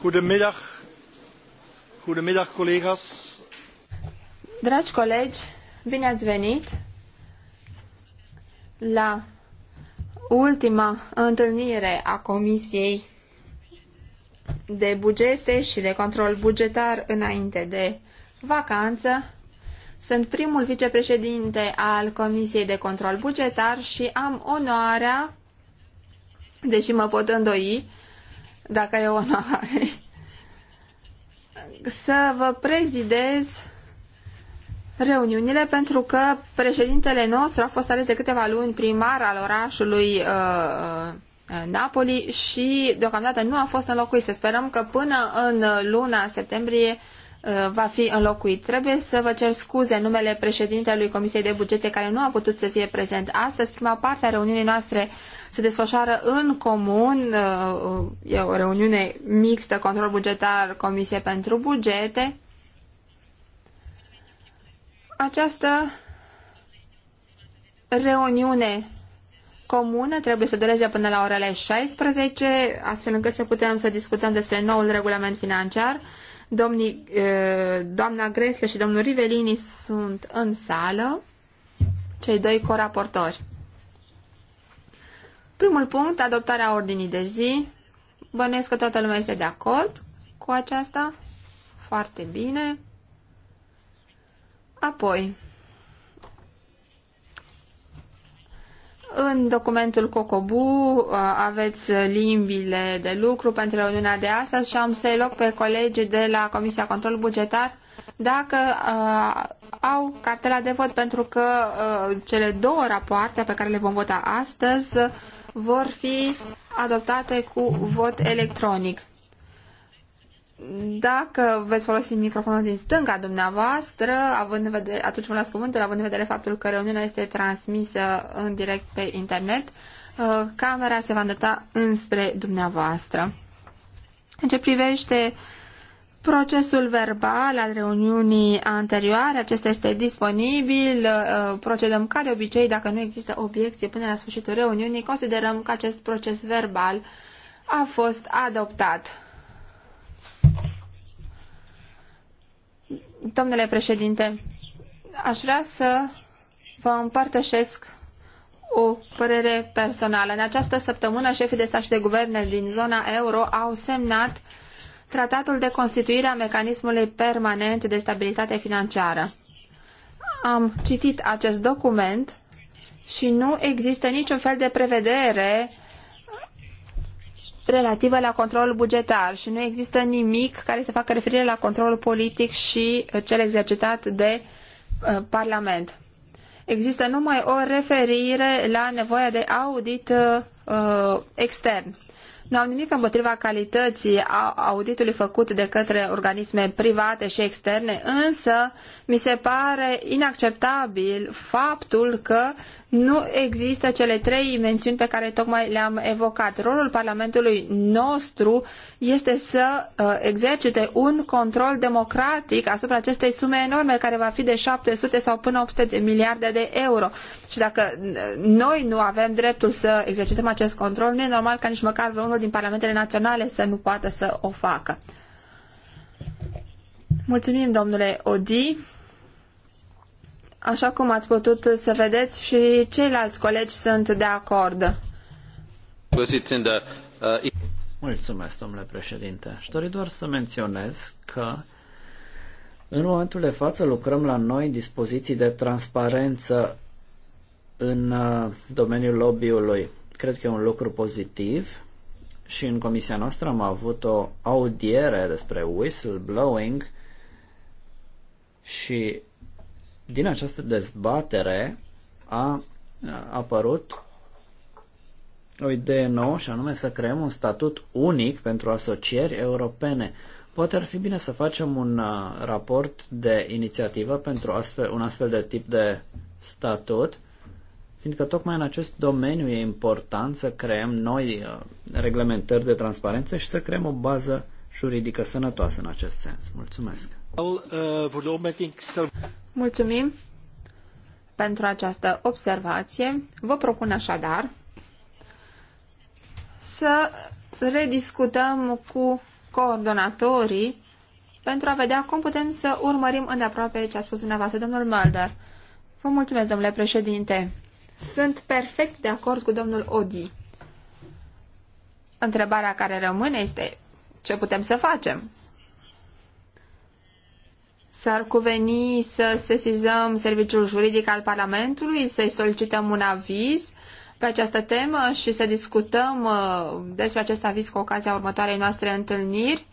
Goedemiddag. Goedemiddag, collega's. Dragi colegi, bine ați venit la ultima întâlnire a Comisiei de bugete și de control bugetar înainte de vacanță. Sunt primul vicepreședinte al Comisiei de Control Bugetar și am onoarea, deși mă pot îndoi, dacă e onoare, să vă prezidez reuniunile pentru că președintele nostru a fost ales de câteva luni primar al orașului uh, uh Napoli și deocamdată nu a fost înlocuit. Să sperăm că până în luna septembrie uh, va fi înlocuit. Trebuie să vă cer scuze în numele președintelui Comisiei de Bugete care nu a putut să fie prezent astăzi. Prima parte a reuniunii noastre se desfășoară în comun, uh, e o reuniune mixtă, control bugetar, Comisie pentru Bugete. Această reuniune comună trebuie să dureze până la orele 16, astfel încât să putem să discutăm despre noul regulament financiar. Domnii, uh, doamna Gresle și domnul Rivelini sunt în sală, cei doi coraportori. Primul punct, adoptarea ordinii de zi. Bănuiesc că toată lumea este de acord cu aceasta. Foarte bine. Apoi, În documentul COCOBU uh, aveți limbile de lucru pentru reuniunea de astăzi și am să-i loc pe colegii de la Comisia Control Bugetar dacă uh, au cartela de vot pentru că uh, cele două rapoarte pe care le vom vota astăzi vor fi adoptate cu vot electronic. Dacă veți folosi microfonul din stânga dumneavoastră, având în vedere, atunci vă las cuvântul, având în vedere faptul că reuniunea este transmisă în direct pe internet, uh, camera se va îndrepta înspre dumneavoastră. În ce privește uh, Procesul verbal al reuniunii anterioare, acesta este disponibil. Uh, procedăm ca de obicei, dacă nu există obiecție până la sfârșitul reuniunii, considerăm că acest proces verbal a fost adoptat. Domnule președinte, aș vrea să vă împărtășesc o părere personală. În această săptămână, șefii de stat și de guverne din zona euro au semnat uh, tratatul de constituire a mecanismului permanent de stabilitate financiară. Am citit acest document și nu există niciun fel de prevedere relativă la controlul bugetar și nu există nimic care să facă referire la controlul politic și uh, cel exercitat de uh, Parlament. Există numai o referire la nevoia de audit uh, uh extern. Nu am nimic împotriva calității auditului făcut de către organisme private și externe, însă mi se pare inacceptabil faptul că nu există cele trei dimensiuni pe care tocmai le-am evocat. Rolul Parlamentului nostru este să uh, exercite un control democratic asupra acestei sume enorme care va fi de 700 sau până 800 de miliarde de euro. Și dacă uh, noi nu avem dreptul să exercităm acest control, nu e normal ca nici măcar vreunul din parlamentele naționale să nu poată să o facă. Mulțumim, domnule Odi. Așa cum ați putut să vedeți și ceilalți colegi sunt de acord. Mulțumesc, domnule președinte. Aș dori doar să menționez că în momentul de față lucrăm la noi dispoziții de transparență în uh, domeniul lobby-ului. Cred că e un lucru pozitiv și în comisia noastră am avut o audiere despre whistleblowing și din această dezbatere a apărut o idee nouă și anume să creăm un statut unic pentru asocieri europene. Poate ar fi bine să facem un uh, raport de inițiativă pentru astfel, un astfel de tip de statut, fiindcă tocmai în acest domeniu e important să creăm noi uh, reglementări de transparență și să creăm o bază juridică sănătoasă în acest sens. Mulțumesc! Uh, Mulțumim pentru această observație. Vă propun așadar să rediscutăm cu coordonatorii pentru a vedea cum putem să urmărim îndeaproape ce a spus dumneavoastră, domnul Mulder. Vă mulțumesc, domnule președinte. Sunt perfect de acord cu domnul Odi. Întrebarea care rămâne este ce putem să facem? S-ar cuveni să sesizăm serviciul juridic al Parlamentului, să-i solicităm un aviz pe această temă și să discutăm uh, despre acest aviz cu ocazia următoarei noastre întâlniri,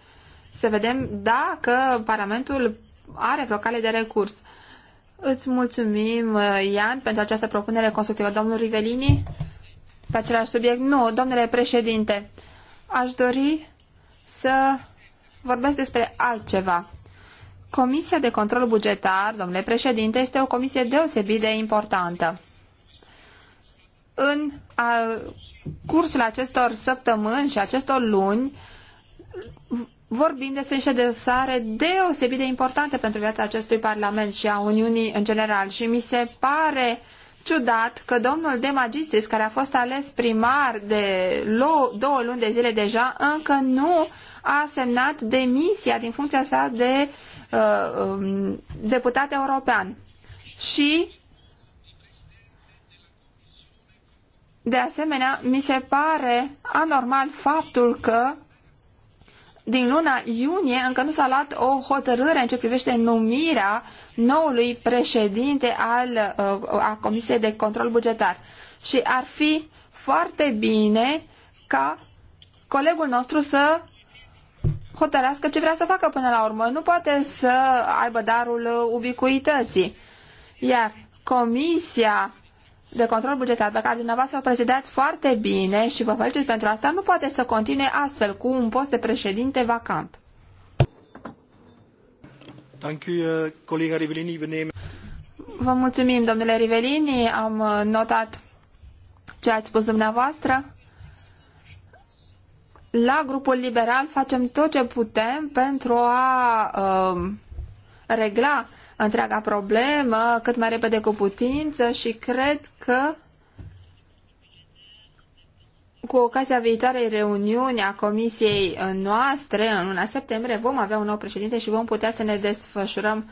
să vedem dacă Parlamentul are vreo cale de recurs. Îți mulțumim, uh, Ian, pentru această propunere constructivă. Domnul Rivelini, pe același subiect? Nu, domnule președinte, aș dori să vorbesc despre altceva. Comisia de control bugetar, domnule președinte, este o comisie deosebit de importantă. În cursul acestor săptămâni și acestor luni, vorbim despre niște dosare deosebit de importante pentru viața acestui Parlament și a Uniunii în general și mi se pare uh, ciudat că domnul de magistris, care a fost ales primar de două luni de zile deja, încă nu a semnat demisia din funcția sa de uh, um, deputat european. Și de asemenea, mi se pare anormal faptul că din luna iunie încă nu s-a luat o hotărâre în ce privește numirea uh, noului președinte al uh, a Comisiei de Control Bugetar. Și ar fi foarte bine ca colegul nostru să hotărească ce vrea să facă până la urmă. Nu poate să aibă darul ubicuității. Iar Comisia de control bugetar pe care dumneavoastră o prezideați foarte bine și vă felicit pentru asta, nu poate să continue astfel cu un post de președinte vacant. Uh, Vă mulțumim, domnule Rivelini. Am uh, notat ce ați spus dumneavoastră. La grupul liberal facem tot ce putem pentru a uh, regla întreaga problemă cât mai repede cu putință și cred că cu ocazia viitoarei reuniuni a comisiei noastre, în luna septembrie, vom avea un nou președinte și vom putea să ne desfășurăm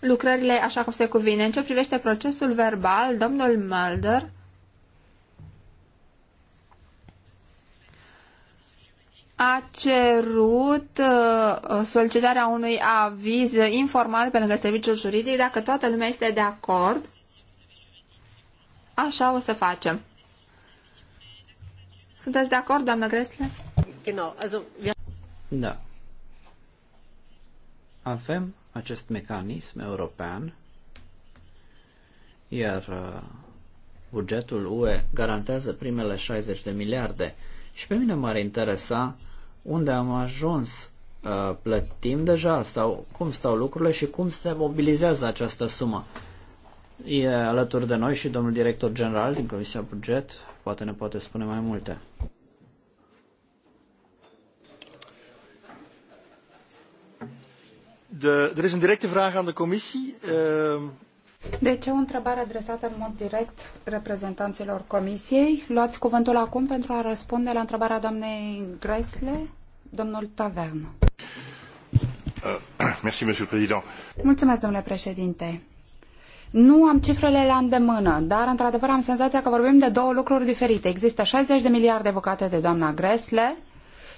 lucrările așa cum se cuvine. În ce privește procesul verbal, domnul Mulder a cerut uh, solicitarea unui aviz informal pe lângă serviciul juridic. Dacă toată lumea este de acord, așa o să facem. Sunteți de acord, doamnă Gresle? Da. Avem acest mecanism european, iar uh, bugetul UE garantează primele 60 de miliarde. Și pe mine m-ar interesa unde am ajuns uh, plătim deja sau cum stau lucrurile și cum se mobilizează această sumă. E alături de noi și domnul director general din Comisia Buget, poate ne poate spune mai multe. De, er is een directe vraag aan de commissie. Uh... Deci o întrebare adresată în mod direct reprezentanților comisiei. Luați cuvântul acum pentru a răspunde la întrebarea doamnei Gresle, domnul Tavern. Uh, merci, Mulțumesc, domnule președinte. Nu am cifrele la îndemână, dar într-adevăr am senzația că vorbim de două lucruri diferite. Există 60 de miliarde evocate de doamna Gresle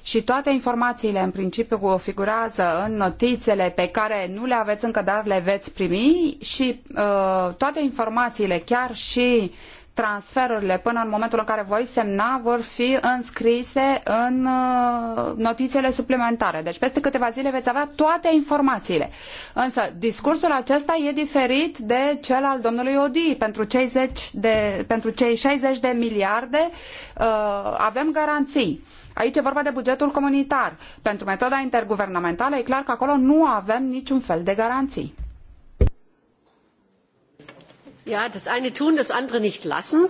și toate informațiile în principiu figurează în notițele pe care nu le aveți încă, dar le veți primi și uh, toate informațiile, chiar și uh, transferurile până în momentul în care voi semna vor fi înscrise în uh, notițele suplimentare. Deci peste câteva zile veți avea toate informațiile. Însă discursul acesta e diferit de cel al domnului Odi. Pentru cei, 10 de, pentru cei 60 de miliarde uh, avem garanții. Aici e vorba de bugetul comunitar. Pentru metoda interguvernamentală e clar că acolo nu avem niciun fel de garanții. Ja, das eine tun, das andere nicht lassen.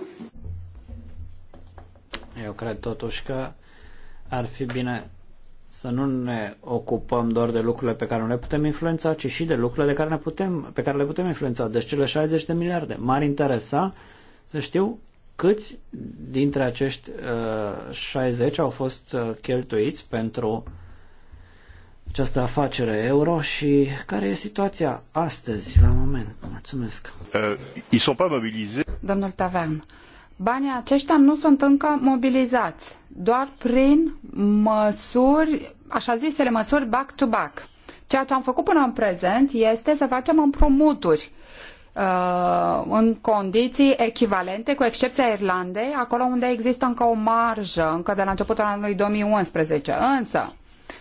Eu cred totuși că ar fi bine să nu ne ocupăm doar de lucrurile pe care nu le putem influența, ci și de lucrurile de care ne putem, pe care le putem influența. Deci cele 60 de miliarde. M-ar interesa să știu câți dintre acești uh, 60 au fost uh, cheltuiți pentru uh, această afacere euro și care e situația astăzi, la moment. Mulțumesc. Uh, Domnul Tavern, banii aceștia nu sunt încă mobilizați, doar prin măsuri, așa zisele măsuri back-to-back. -back. Ceea ce am făcut până în prezent este să facem împrumuturi uh, în condiții echivalente, cu excepția Irlandei, acolo unde există încă o marjă, încă de la începutul anului 2011. Însă,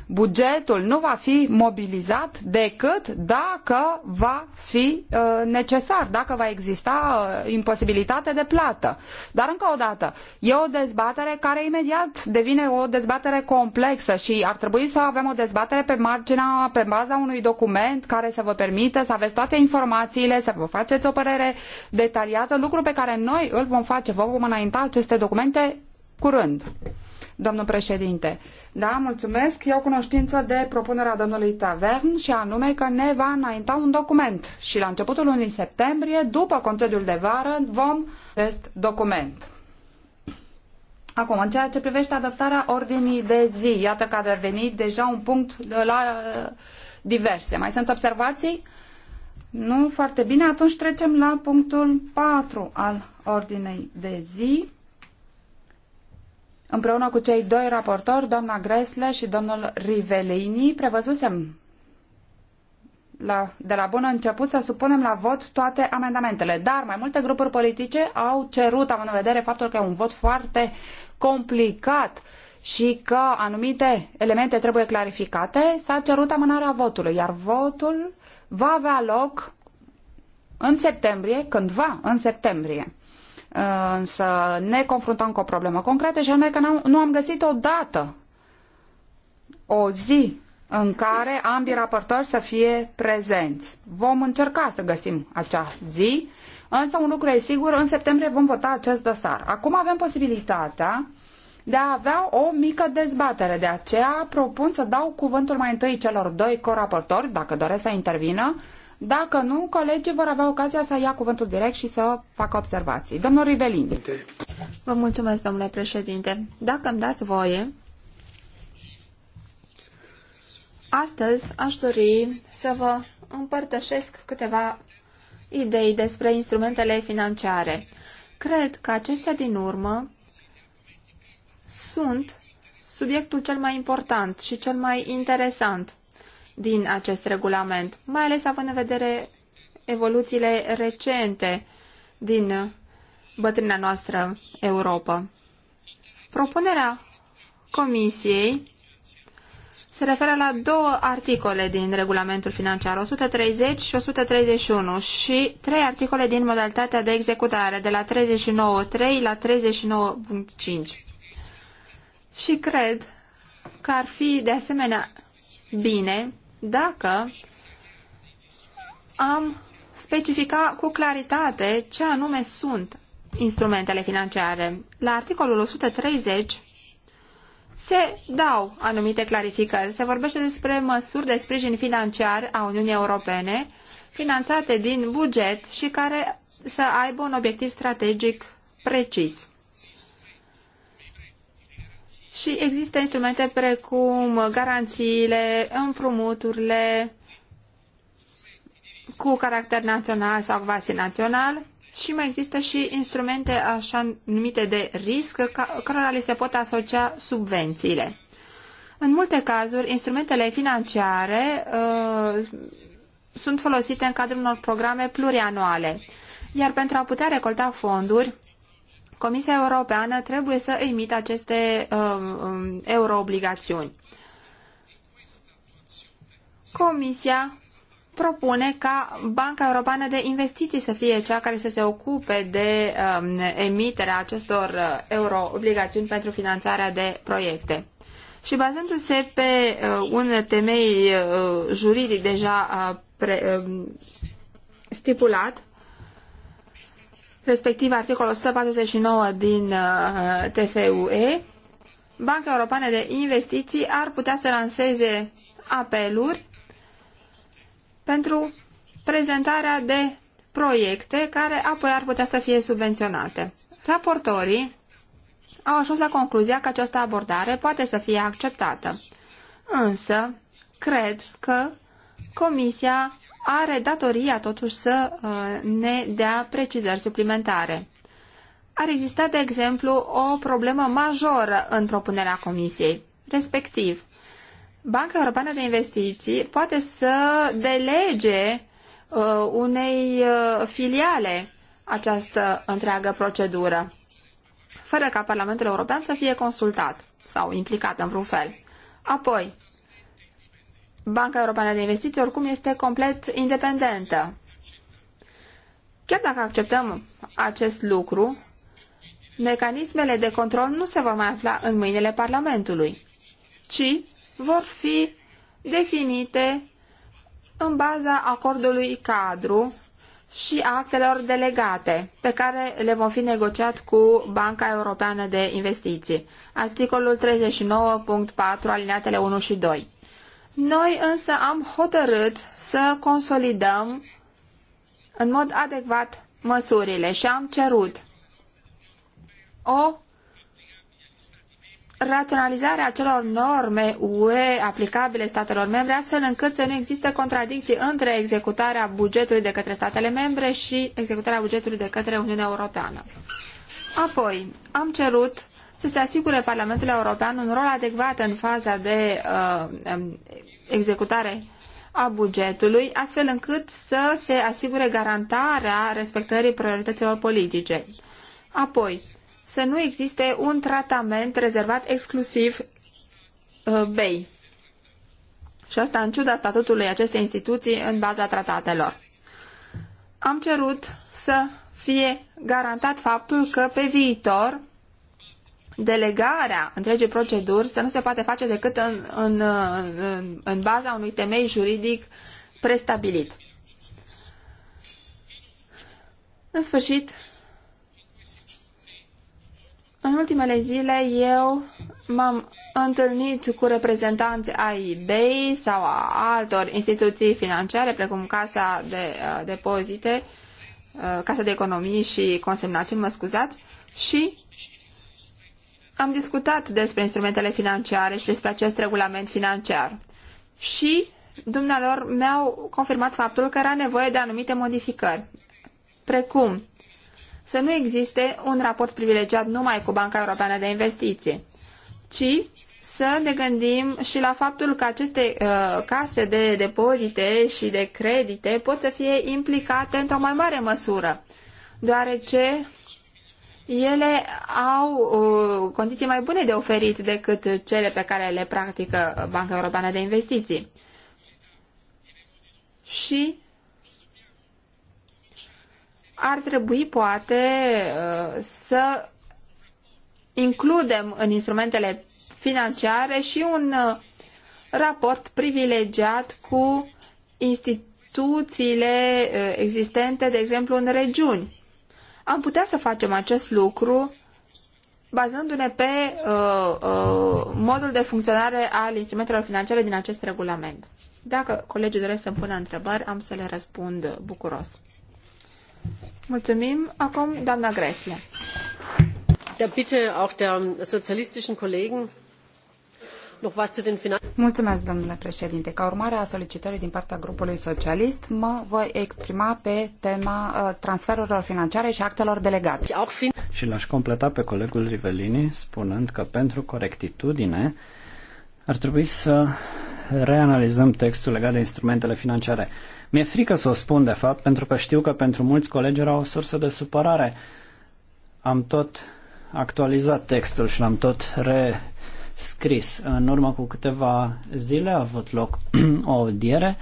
bugetul nu va fi mobilizat decât dacă va fi uh, necesar, dacă va exista uh, imposibilitate de plată. Dar încă o dată, e o dezbatere care imediat devine o dezbatere complexă și ar trebui să avem o dezbatere pe marginea, pe baza unui document care să vă permită să aveți toate informațiile, să vă faceți o părere detaliată, lucru pe care noi îl vom face, vă vom înainta aceste documente curând domnul președinte. Da, mulțumesc. Iau cunoștință de propunerea domnului Tavern și anume că ne va înainta un document și la începutul lunii septembrie, după concediul de vară, vom acest document. Acum, în ceea ce privește adoptarea ordinii de zi, iată că a devenit deja un punct uh, la uh, diverse. Mai sunt observații? Nu, foarte bine. Atunci trecem la punctul 4 al ordinei de zi împreună cu cei doi raportori, doamna Gresle și domnul Rivelini, prevăzusem la, de la bun început să supunem la vot toate amendamentele. Dar mai multe grupuri politice au cerut, având în vedere faptul că e un vot foarte complicat și că anumite elemente trebuie clarificate, s-a cerut amânarea votului, iar votul va avea loc în septembrie, cândva în septembrie. Uh, însă ne confruntăm cu o problemă concretă și anume că nu am găsit o dată, o zi în care ambii raportori să fie prezenți. Vom încerca să găsim acea zi, însă un lucru e sigur, în septembrie vom vota acest dosar. Acum avem posibilitatea de a avea o mică dezbatere. De aceea propun să dau cuvântul mai întâi celor doi coraportori, dacă doresc să intervină, dacă nu, colegii vor avea ocazia să ia cuvântul direct și să facă observații. Domnul Rivelin. Vă mulțumesc, domnule președinte. Dacă îmi dați voie, astăzi aș dori să vă împărtășesc câteva idei despre instrumentele financiare. Cred că acestea din urmă sunt subiectul cel mai important și cel mai interesant din acest regulament, mai ales având în vedere evoluțiile recente din bătrâna noastră Europa. Propunerea Comisiei se referă la două articole din regulamentul financiar, 130 și 131, și trei articole din modalitatea de executare, de la 39.3 la 39.5. Și cred că ar fi de asemenea bine dacă am specifica cu claritate ce anume sunt instrumentele financiare. La articolul 130 se dau anumite clarificări. Se vorbește despre măsuri de sprijin financiar a Uniunii Europene finanțate din buget și care să aibă un obiectiv strategic precis și există instrumente precum garanțiile, împrumuturile cu caracter național sau quasi național și mai există și instrumente așa numite de risc cărora li se pot asocia subvențiile. În multe cazuri, instrumentele financiare uh, sunt folosite în cadrul unor programe plurianuale, iar pentru a putea recolta fonduri, Comisia Europeană trebuie să emită aceste um, um, euroobligațiuni. Comisia propune ca Banca Europeană de Investiții să fie cea care să se ocupe de um, emiterea acestor uh, euroobligațiuni pentru finanțarea de proiecte. Și bazându-se pe uh, un temei uh, juridic deja uh, pre, um, stipulat, respectiv articolul 149 din uh, TFUE, Banca Europeană de Investiții ar putea să lanseze apeluri pentru prezentarea de proiecte care apoi ar putea să fie subvenționate. Raportorii au ajuns la concluzia că această abordare poate să fie acceptată. Însă, cred că Comisia are datoria totuși să uh, ne dea precizări suplimentare. Ar exista, de exemplu, o problemă majoră în propunerea Comisiei, respectiv Banca Europeană de Investiții poate să delege uh, unei uh, filiale această întreagă procedură, fără ca Parlamentul European să fie consultat sau implicat în vreun fel. Apoi, Banca Europeană de Investiții oricum este complet independentă. Chiar dacă acceptăm acest lucru, mecanismele de control nu se vor mai afla în mâinile Parlamentului, ci vor fi definite în baza acordului cadru și actelor delegate pe care le vom fi negociat cu Banca Europeană de Investiții. Articolul 39.4 alineatele 1 și 2. Noi însă am hotărât să consolidăm în mod adecvat măsurile și am cerut o raționalizare a celor norme UE aplicabile statelor membre, astfel încât să nu existe contradicții între executarea bugetului de către statele membre și executarea bugetului de către Uniunea Europeană. Apoi, am cerut să se asigure Parlamentul European un rol adecvat în faza de uh, um, executare a bugetului, astfel încât să se asigure garantarea respectării priorităților politice. Apoi, să nu existe un tratament rezervat exclusiv uh, BEI. Și asta în ciuda statutului acestei instituții în baza tratatelor. Am cerut să fie garantat faptul că pe viitor delegarea întregii proceduri să nu se poate face decât în, în, în, în baza unui temei juridic prestabilit. În sfârșit, în ultimele zile eu m-am întâlnit cu reprezentanți ai eBay sau a altor instituții financiare, precum Casa de uh, Depozite, uh, Casa de Economii și Consemnații, mă scuzați, și am discutat despre instrumentele financiare și despre acest regulament financiar. Și dumnealor mi-au confirmat faptul că era nevoie de anumite modificări, precum să nu existe un raport privilegiat numai cu Banca Europeană de Investiții, ci să ne gândim și la faptul că aceste uh, case de depozite și de credite pot să fie implicate într-o mai mare măsură, deoarece ele au uh, condiții mai bune de oferit decât cele pe care le practică Banca Europeană de Investiții. Și ar trebui poate uh, să includem în instrumentele financiare și un uh, raport privilegiat cu instituțiile existente, de exemplu, în regiuni am putea să facem acest lucru bazându-ne pe uh, uh, modul de funcționare al instrumentelor financiare din acest regulament. Dacă colegii doresc să-mi pună întrebări, am să le răspund bucuros. Mulțumim. Acum, doamna Gresle. Da, Bitte auch der ähm, sozialistischen Kollegen Mulțumesc, domnule președinte. Ca urmare a solicitării din partea grupului socialist, mă voi exprima pe tema uh, transferurilor financiare și actelor delegate. Și l-aș completa pe colegul Rivelini spunând că pentru corectitudine ar trebui să reanalizăm textul legat de instrumentele financiare. Mi-e frică să o spun, de fapt, pentru că știu că pentru mulți colegi era o sursă de supărare. Am tot actualizat textul și l-am tot re scris. În urmă cu câteva zile a avut loc o audiere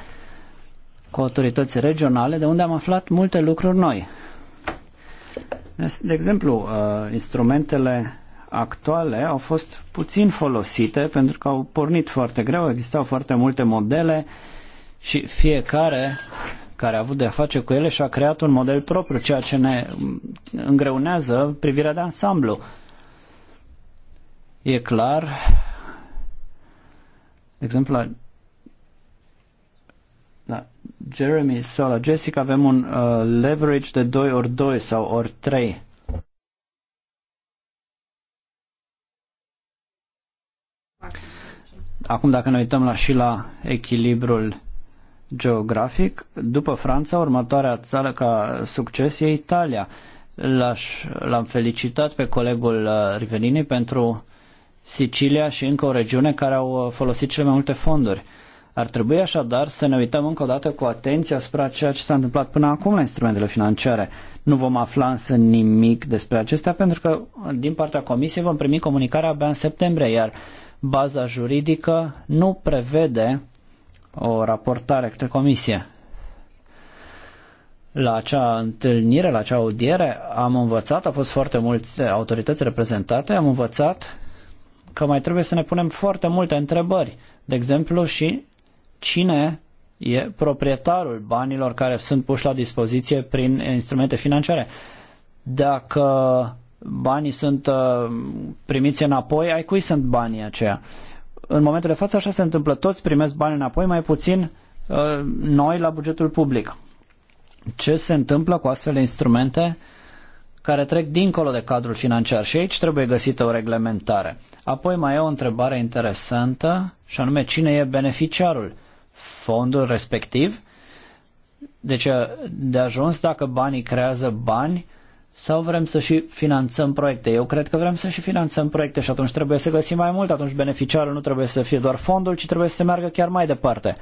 cu autorități regionale, de unde am aflat multe lucruri noi. De exemplu, uh, instrumentele actuale au fost puțin folosite pentru că au pornit foarte greu, existau foarte multe modele și fiecare care a avut de-a face cu ele și-a creat un model propriu, ceea ce ne mm, îngreunează privirea de ansamblu. E clar, de exemplu, la, la da, Jeremy sau la Jessica avem un uh, leverage de 2 ori 2 sau ori 3. Acum dacă ne uităm la și la echilibrul geografic, după Franța, următoarea țară ca succes e Italia. L-am felicitat pe colegul uh, Rivelini pentru Sicilia și încă o regiune care au uh, folosit cele mai multe fonduri. Ar trebui așadar să ne uităm încă o dată cu atenție asupra ceea ce s-a întâmplat până acum la instrumentele financiare. Nu vom afla însă nimic despre acestea pentru că uh, din partea Comisiei vom primi comunicarea abia în septembrie, iar baza juridică nu prevede o raportare către Comisie. La acea întâlnire, la acea audiere, am învățat, au fost foarte mulți uh, autorități reprezentate, am învățat că mai trebuie să ne punem foarte multe întrebări. De exemplu și cine e proprietarul banilor care sunt puși la dispoziție prin instrumente financiare. Dacă banii sunt uh, primiți înapoi, ai cui sunt banii aceia? În momentul de față așa se întâmplă, toți primesc bani înapoi, mai puțin uh, noi la bugetul public. Ce se întâmplă cu astfel de instrumente? care trec dincolo de cadrul financiar și aici trebuie găsită o reglementare. Apoi mai e o întrebare interesantă și anume cine e beneficiarul? Fondul respectiv? Deci de ajuns dacă banii creează bani sau vrem să și finanțăm proiecte? Eu cred că vrem să și finanțăm proiecte și atunci trebuie să găsim mai mult, atunci beneficiarul nu trebuie să fie doar fondul, ci trebuie să se meargă chiar mai departe.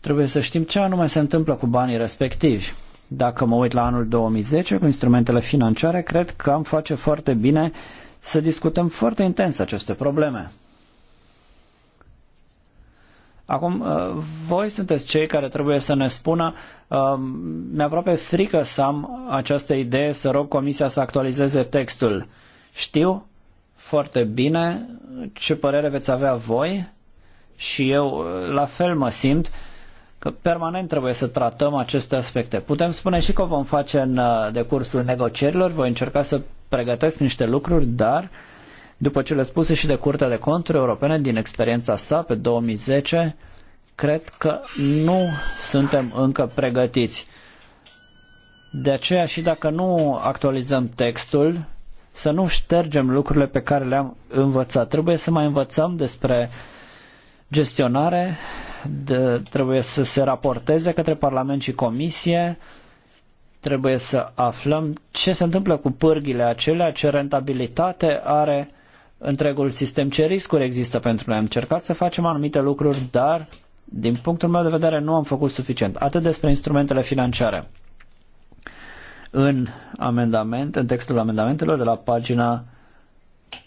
Trebuie să știm ce anume se întâmplă cu banii respectivi. Dacă mă uit la anul 2010 cu instrumentele financiare, cred că am face foarte bine să discutăm foarte intens aceste probleme. Acum, uh, voi sunteți cei care trebuie să ne spună, uh, mi a aproape frică să am această idee să rog Comisia să actualizeze textul. Știu foarte bine ce părere veți avea voi și eu uh, la fel mă simt că permanent trebuie să tratăm aceste aspecte. Putem spune și că o vom face în uh, decursul negocierilor, voi încerca să pregătesc niște lucruri, dar după ce le spuse și de Curtea de Conturi Europene din experiența sa pe 2010, cred că nu suntem încă pregătiți. De aceea și dacă nu actualizăm textul, să nu ștergem lucrurile pe care le-am învățat. Trebuie să mai învățăm despre uh, gestionare de, trebuie să se raporteze către Parlament și Comisie, trebuie să aflăm ce se întâmplă cu pârghile acelea, ce rentabilitate are întregul sistem, ce riscuri există pentru noi. Am încercat să facem anumite lucruri, dar din punctul meu de vedere nu am făcut suficient. Atât despre instrumentele financiare. În amendament, în textul amendamentelor de la pagina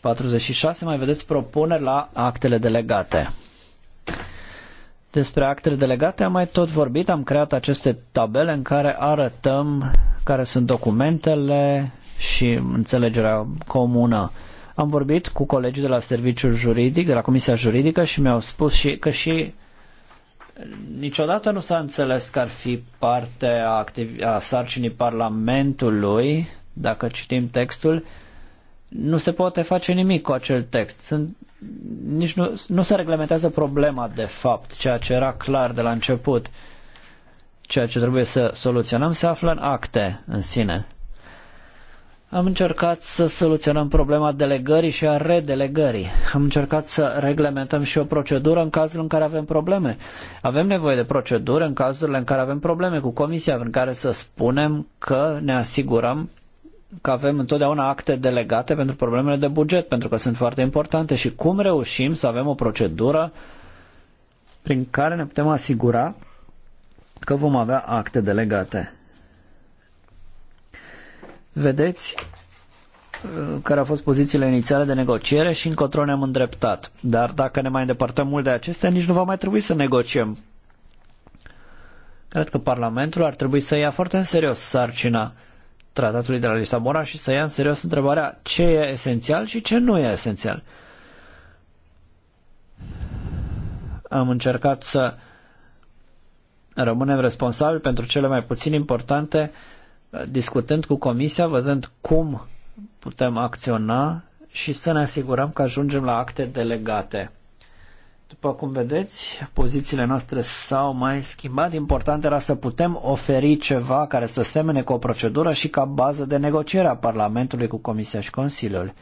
46 mai vedeți propuneri la actele delegate. Despre actele delegate am mai tot vorbit, am creat aceste tabele în care arătăm care sunt documentele și înțelegerea comună. Am vorbit cu colegii de la serviciul juridic, de la Comisia Juridică și mi-au spus și că și niciodată nu s-a înțeles că ar fi parte a, a sarcinii Parlamentului, dacă citim textul, nu se poate face nimic cu acel text. Sunt nici nu, nu se reglementează problema de fapt, ceea ce era clar de la început. Ceea ce trebuie să soluționăm se află în acte în sine. Am încercat să soluționăm problema delegării și a redelegării. Am încercat să reglementăm și o procedură în cazul în care avem probleme. Avem nevoie de procedură în cazurile în care avem probleme cu comisia, în care să spunem că ne asigurăm că avem întotdeauna acte delegate pentru problemele de buget, pentru că sunt foarte importante și cum reușim să avem o procedură prin care ne putem asigura că vom avea acte delegate. Vedeți uh, care au fost pozițiile inițiale de negociere și încotro ne-am îndreptat. Dar dacă ne mai îndepărtăm mult de acestea, nici nu va mai trebui să negociem. Cred că Parlamentul ar trebui să ia foarte în serios sarcina tratatului de la Lisabona și să ia în serios întrebarea ce e esențial și ce nu e esențial. Am încercat să rămânem responsabili pentru cele mai puțin importante, discutând cu Comisia, văzând cum putem acționa și să ne asigurăm că ajungem la acte delegate. După cum vedeți, pozițiile noastre s-au mai schimbat. Important era să putem oferi ceva care să semene cu o procedură și ca bază de negociere a Parlamentului cu Comisia și Consiliul.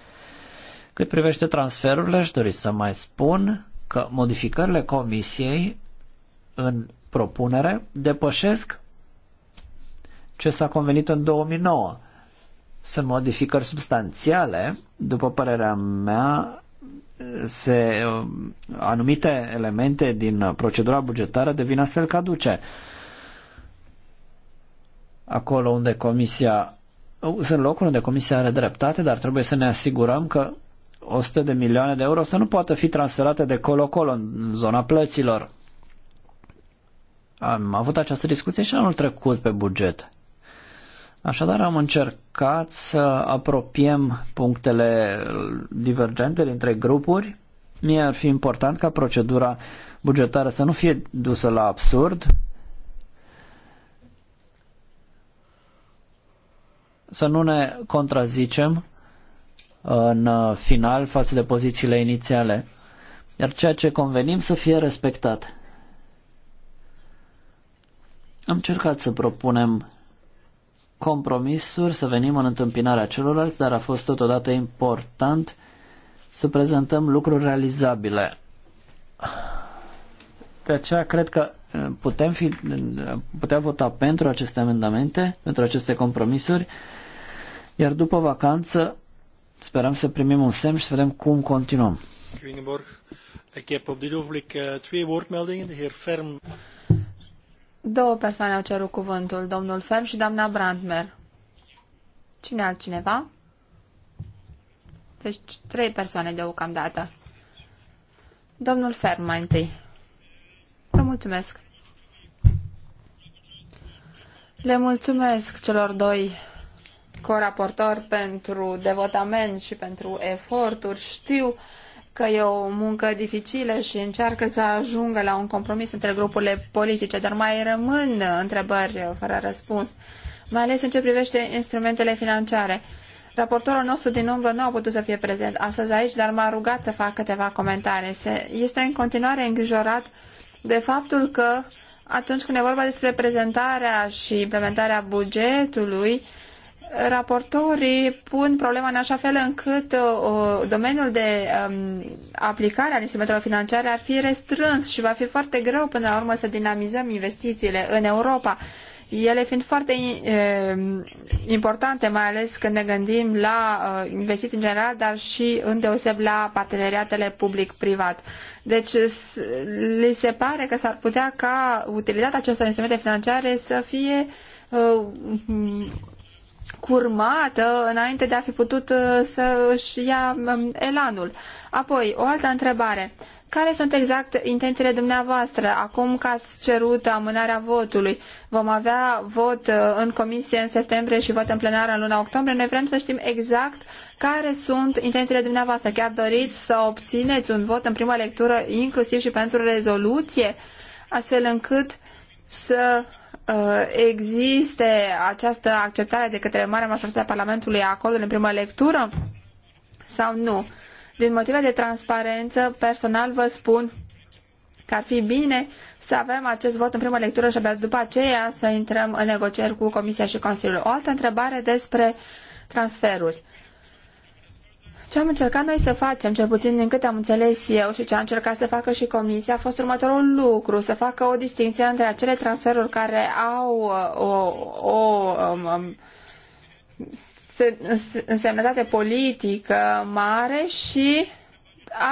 Cât privește transferurile, aș dori să mai spun că modificările Comisiei în propunere depășesc ce s-a convenit în 2009. Sunt modificări substanțiale, după părerea mea, se, uh, anumite elemente din procedura bugetară devin astfel caduce. Acolo unde comisia uh, sunt locuri unde comisia are dreptate, dar trebuie să ne asigurăm că 100 de milioane de euro să nu poată fi transferate de colo-colo în zona plăților. Am avut această discuție și anul trecut pe buget. Așadar am încercat să apropiem punctele divergente dintre grupuri. Mie ar fi important ca procedura bugetară să nu fie dusă la absurd, să nu ne contrazicem în final față de pozițiile inițiale, iar ceea ce convenim să fie respectat. Am încercat să propunem compromisuri, să venim în întâmpinarea celorlalți, dar a fost totodată important să prezentăm lucruri realizabile. De aceea cred că eh, putem, fi, eh, putem vota pentru aceste amendamente, pentru aceste compromisuri, iar după vacanță sperăm să primim un semn și să vedem cum continuăm. ik heb op dit ogenblik eh, twee woordmeldingen. De heer Ferm Două persoane au cerut cuvântul, domnul Ferm și doamna Brandmer. Cine altcineva? Deci trei persoane deocamdată. Domnul Ferm mai întâi. Vă mulțumesc. Le mulțumesc celor doi coraportori pentru devotament și pentru eforturi. Știu că e o muncă dificilă și încearcă să ajungă la un compromis între grupurile politice, dar mai rămân întrebări fără răspuns, mai ales în ce privește instrumentele financiare. Raportorul nostru din umbră nu a putut să fie prezent astăzi aici, dar m-a rugat să fac câteva comentarii. Este în continuare îngrijorat de faptul că atunci când e vorba despre prezentarea și implementarea bugetului, raportorii pun problema în așa fel încât uh, domeniul de um, aplicare al instrumentelor financiare ar fi restrâns și va fi foarte greu până la urmă să dinamizăm investițiile în Europa, ele fiind foarte uh, importante, mai ales când ne gândim la uh, investiții în general, dar și îndeoseb la parteneriatele public-privat. Deci li se pare că s-ar putea ca utilitatea acestor instrumente financiare să fie uh, curmată înainte de a fi putut uh, să își ia um, elanul. Apoi, o altă întrebare. Care sunt exact intențiile dumneavoastră acum că ați cerut amânarea votului? Vom avea vot uh, în comisie în septembrie și vot în plenară în luna octombrie. Noi vrem să știm exact care sunt intențiile dumneavoastră. Chiar doriți să obțineți un vot în prima lectură, inclusiv și pentru rezoluție, astfel încât să Uh, existe această acceptare de către marea majoritate a Parlamentului a acordului în primă lectură sau nu? Din motive de transparență, personal vă spun că ar fi bine să avem acest vot în primă lectură și abia după aceea să intrăm în negocieri cu Comisia și Consiliul. O altă întrebare despre transferuri. Ce am încercat noi să facem, cel puțin din câte am înțeles eu și ce a încercat să facă și comisia, a fost următorul lucru, să facă o distinție între acele transferuri care au uh, o, o um, um însemnătate politică mare și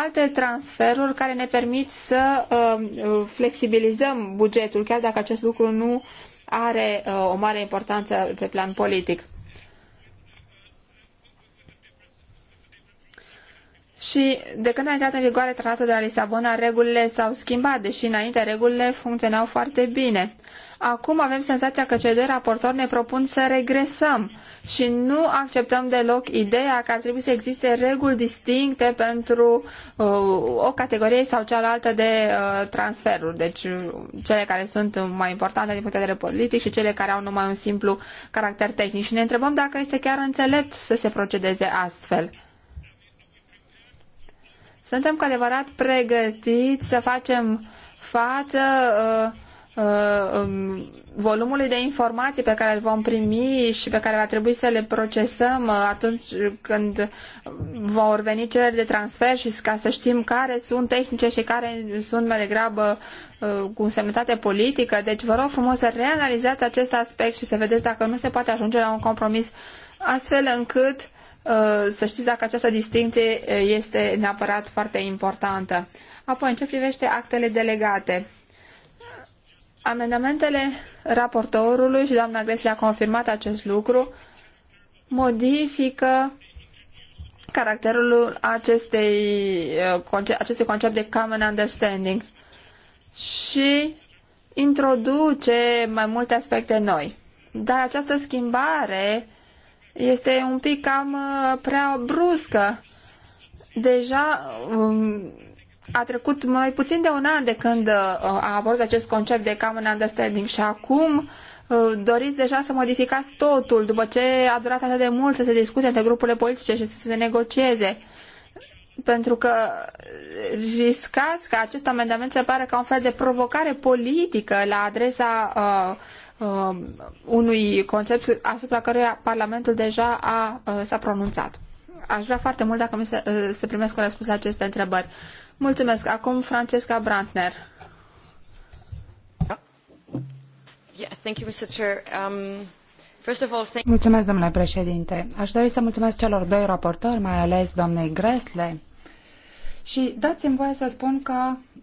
alte transferuri care ne permit să uh, flexibilizăm bugetul, chiar dacă acest lucru nu are uh, o mare importanță pe plan politic. Și de când a intrat în vigoare tratatul de la Lisabona, regulile s-au schimbat, deși înainte regulile funcționau foarte bine. Acum avem senzația că cei doi raportori ne propun să regresăm și nu acceptăm deloc ideea că ar trebui să existe reguli distincte pentru uh, o categorie sau cealaltă de uh, transferuri, deci uh, cele care sunt mai importante din punct de vedere politic și cele care au numai un simplu caracter tehnic. Și ne întrebăm dacă este chiar înțelept să se procedeze astfel. Suntem cu adevărat pregătiți să facem față uh, uh, um, volumului de informații pe care îl vom primi și pe care va trebui să le procesăm uh, atunci când vor veni cereri de transfer și ca să știm care sunt tehnice și care sunt mai degrabă uh, cu semnătate politică. Deci vă rog frumos să reanalizați acest aspect și să vedeți dacă nu se poate ajunge la un compromis astfel încât Uh, să știți dacă această distinție uh, este neapărat foarte importantă. Apoi, în ce privește actele delegate, amendamentele raportorului și doamna Gres a confirmat acest lucru, modifică caracterul acestei, uh, acestui concept de common understanding și introduce mai multe aspecte noi. Dar această schimbare este un pic cam uh, prea bruscă. Deja um, a trecut mai puțin de un an de când uh, a apărut acest concept de common understanding și acum uh, doriți deja să modificați totul după ce a durat atât de mult să se discute între grupurile politice și să se negocieze. Pentru că riscați ca acest amendament să pară ca un fel de provocare politică la adresa uh, uh, unui concept asupra căruia Parlamentul deja a, uh, s-a pronunțat. Aș vrea foarte mult dacă mi se, uh, se primesc un răspuns la aceste întrebări. Mulțumesc. Acum Francesca Brantner. Yes, thank you, Mr. Um, mulțumesc, domnule președinte. Aș dori să mulțumesc celor doi raportori, mai ales doamnei Gresle. Și dați-mi voie să spun că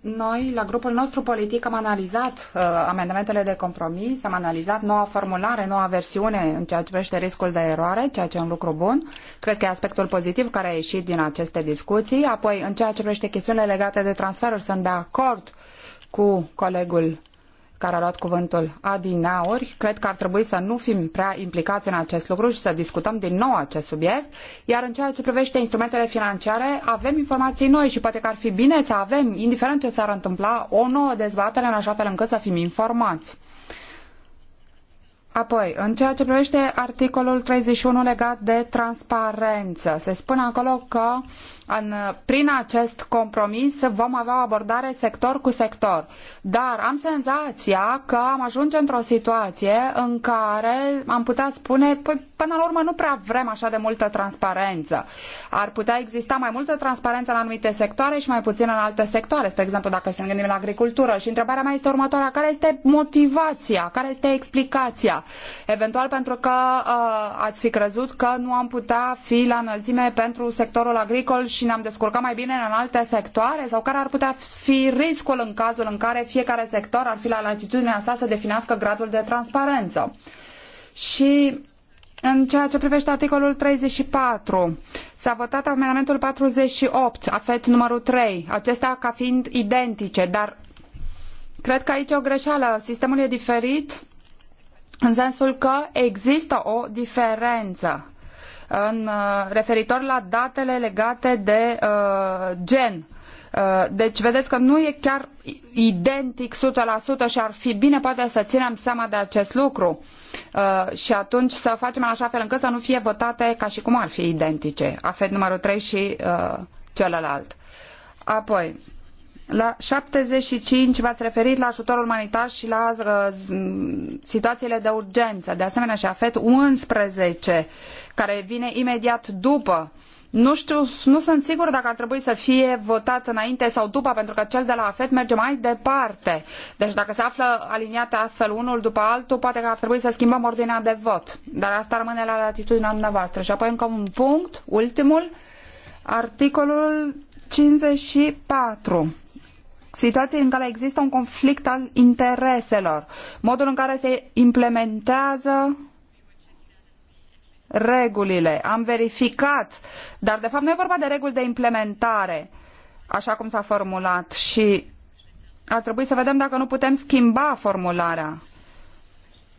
noi, la grupul nostru politic, am analizat uh, amendamentele de compromis, am analizat noua formulare, noua versiune în ceea ce privește riscul de eroare, ceea ce e un lucru bun. Cred că e aspectul pozitiv care a ieșit din aceste discuții. Apoi, în ceea ce privește chestiunile legate de transferuri, sunt de acord cu colegul care a luat cuvântul adinauri, cred că ar trebui să nu fim prea implicați în acest lucru și să discutăm din nou acest subiect, iar în ceea ce privește instrumentele financiare, avem informații noi și poate că ar fi bine să avem, indiferent ce s-ar întâmpla, o nouă dezbatere în așa fel încât să fim informați. Apoi, în ceea ce privește articolul 31 legat de transparență, se spune acolo că în, prin acest compromis vom avea o abordare sector cu sector. Dar am senzația că am ajunge într-o situație în care am putea spune, păi, până la urmă nu prea vrem așa de multă transparență. Ar putea exista mai multă transparență în anumite sectoare și mai puțin în alte sectoare. Spre exemplu, dacă se gândim la agricultură. Și întrebarea mea este următoarea, care este motivația, care este explicația? Eventual pentru că uh, ați fi crezut că nu am putea fi la înălțime pentru sectorul agricol și ne-am descurcat mai bine în alte sectoare sau care ar putea fi riscul în cazul în care fiecare sector ar fi la latitudinea sa să definească gradul de transparență. Și în ceea ce privește articolul 34, s-a votat amendamentul 48, afet numărul 3, acestea ca fiind identice, dar cred că aici e o greșeală. Sistemul e diferit în sensul că există o diferență în, uh, referitor la datele legate de uh, gen. Uh, deci vedeți că nu e chiar identic 100% și ar fi bine poate să ținem seama de acest lucru uh, și atunci să facem în așa fel încât să nu fie votate ca și cum ar fi identice. Afet numărul 3 și uh, celălalt. Apoi, la 75 v-ați referit la ajutorul umanitar și la uh, situațiile de urgență, de asemenea și AFET 11, care vine imediat după. Nu știu, nu sunt sigur dacă ar trebui să fie votat înainte sau după, pentru că cel de la AFET merge mai departe. Deci dacă se află aliniate astfel unul după altul, poate că ar trebui să schimbăm ordinea de vot. Dar asta rămâne la latitudinea dumneavoastră. Și apoi încă un punct, ultimul, articolul 54 situații în care există un conflict al intereselor, modul în care se implementează regulile. Am verificat, dar de fapt nu e vorba de reguli de implementare, așa cum s-a formulat și ar trebui să vedem dacă nu putem schimba formularea.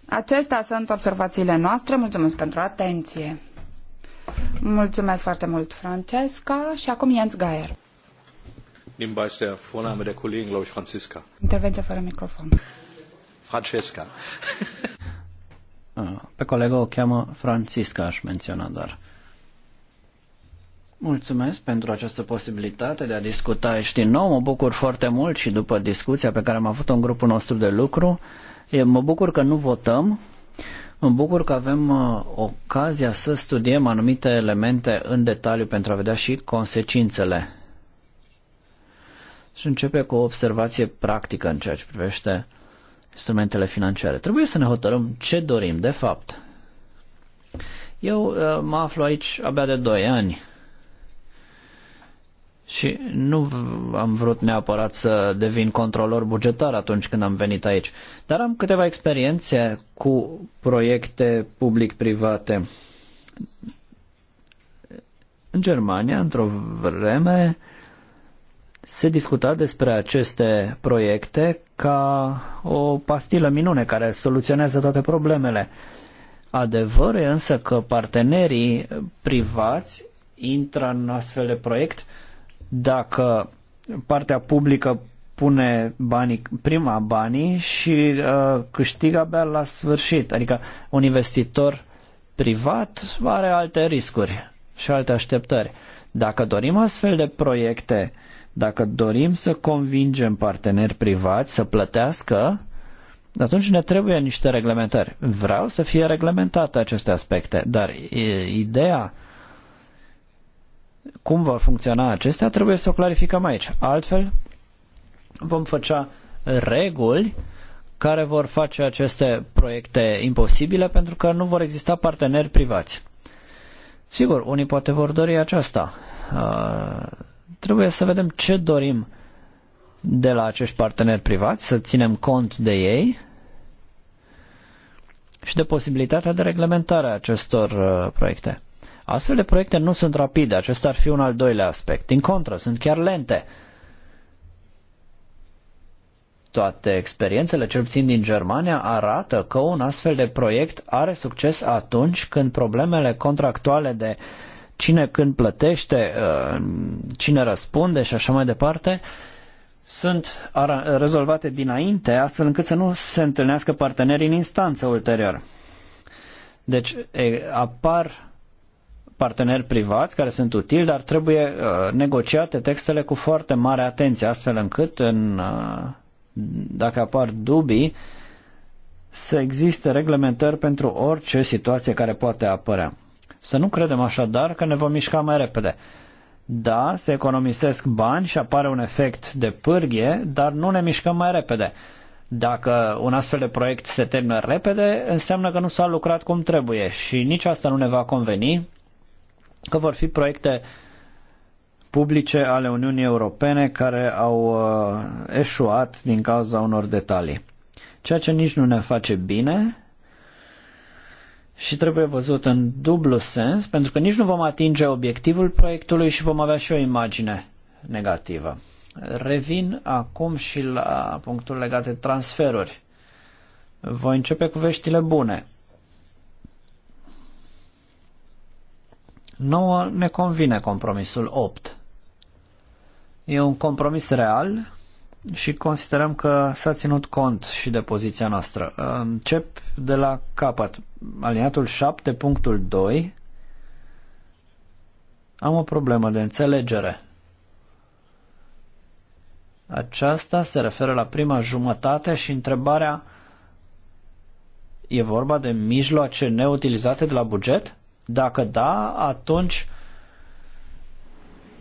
Acestea sunt observațiile noastre. Mulțumesc pentru atenție. Mulțumesc foarte mult, Francesca. Și acum Jens Gaier. Nebenbei ist der Vorname der Kollegen, glaube ich, Franziska. Intervenție fără microfon. Francesca. Ah, pe colegă o cheamă Francisca, aș menționa doar. Mulțumesc pentru această posibilitate de a discuta și din nou. Mă bucur foarte mult și după discuția pe care am avut-o în grupul nostru de lucru. Mă bucur că nu votăm. Mă bucur că avem uh, ocazia să studiem anumite elemente în detaliu pentru a vedea și consecințele și începe cu o observație practică în ceea ce privește instrumentele financiare. Trebuie să ne hotărâm ce dorim, de fapt. Eu uh, mă aflu aici abia de 2 ani și nu am vrut neapărat să devin controlor bugetar atunci când am venit aici, dar am câteva experiențe cu proiecte public-private. În Germania, într-o vreme, uh, se discuta despre aceste proiecte ca o pastilă minune care soluționează toate problemele. Adevărul e însă că partenerii privați intră în astfel de proiect dacă partea publică pune banii, prima banii și uh, câștigă abia la sfârșit. Adică un investitor privat are alte riscuri și alte așteptări. Dacă dorim astfel de proiecte dacă dorim să convingem parteneri privați să plătească, atunci ne trebuie niște reglementări. Vreau să fie reglementate aceste aspecte, dar ideea cum vor funcționa acestea trebuie să o clarificăm aici. Altfel, vom face reguli care vor face aceste proiecte imposibile pentru că nu vor exista parteneri privați. Sigur, unii poate vor dori aceasta. Uh, trebuie să vedem ce dorim de la acești parteneri privați, să ținem cont de ei și de posibilitatea de reglementare a acestor uh, proiecte. Astfel de proiecte nu sunt rapide, acesta ar fi un al doilea aspect. Din contră, sunt chiar lente. Toate experiențele, cel puțin din Germania, arată că un astfel de proiect are succes atunci când problemele contractuale de uh, cine când plătește, uh, cine răspunde și așa mai departe, sunt rezolvate dinainte, astfel încât să nu se întâlnească partenerii în instanță ulterior. Deci apar parteneri privați care sunt utili, dar trebuie uh, negociate textele cu foarte mare atenție, astfel încât în, uh, dacă apar dubii, să existe reglementări pentru orice situație care poate apărea. Să nu credem așadar că ne vom mișca mai repede. Da, se economisesc bani și apare un efect de pârghie, dar nu ne mișcăm mai repede. Dacă un astfel de proiect se termină repede, înseamnă că nu s-a lucrat cum trebuie și nici asta nu ne va conveni, că vor fi proiecte publice ale Uniunii Europene care au uh, eșuat din cauza unor detalii. Ceea ce nici nu ne face bine și trebuie văzut în dublu sens, pentru că nici nu vom atinge obiectivul proiectului și vom avea și o imagine negativă. Revin acum și la punctul legat de transferuri. Voi începe cu veștile bune. Nouă ne convine compromisul 8. E un compromis real și considerăm că s-a ținut cont și de poziția noastră. Încep de la capăt. Aliniatul 7, punctul 2. Am o problemă de înțelegere. Aceasta se referă la prima jumătate și întrebarea e vorba de mijloace neutilizate de la buget? Dacă da, atunci uh,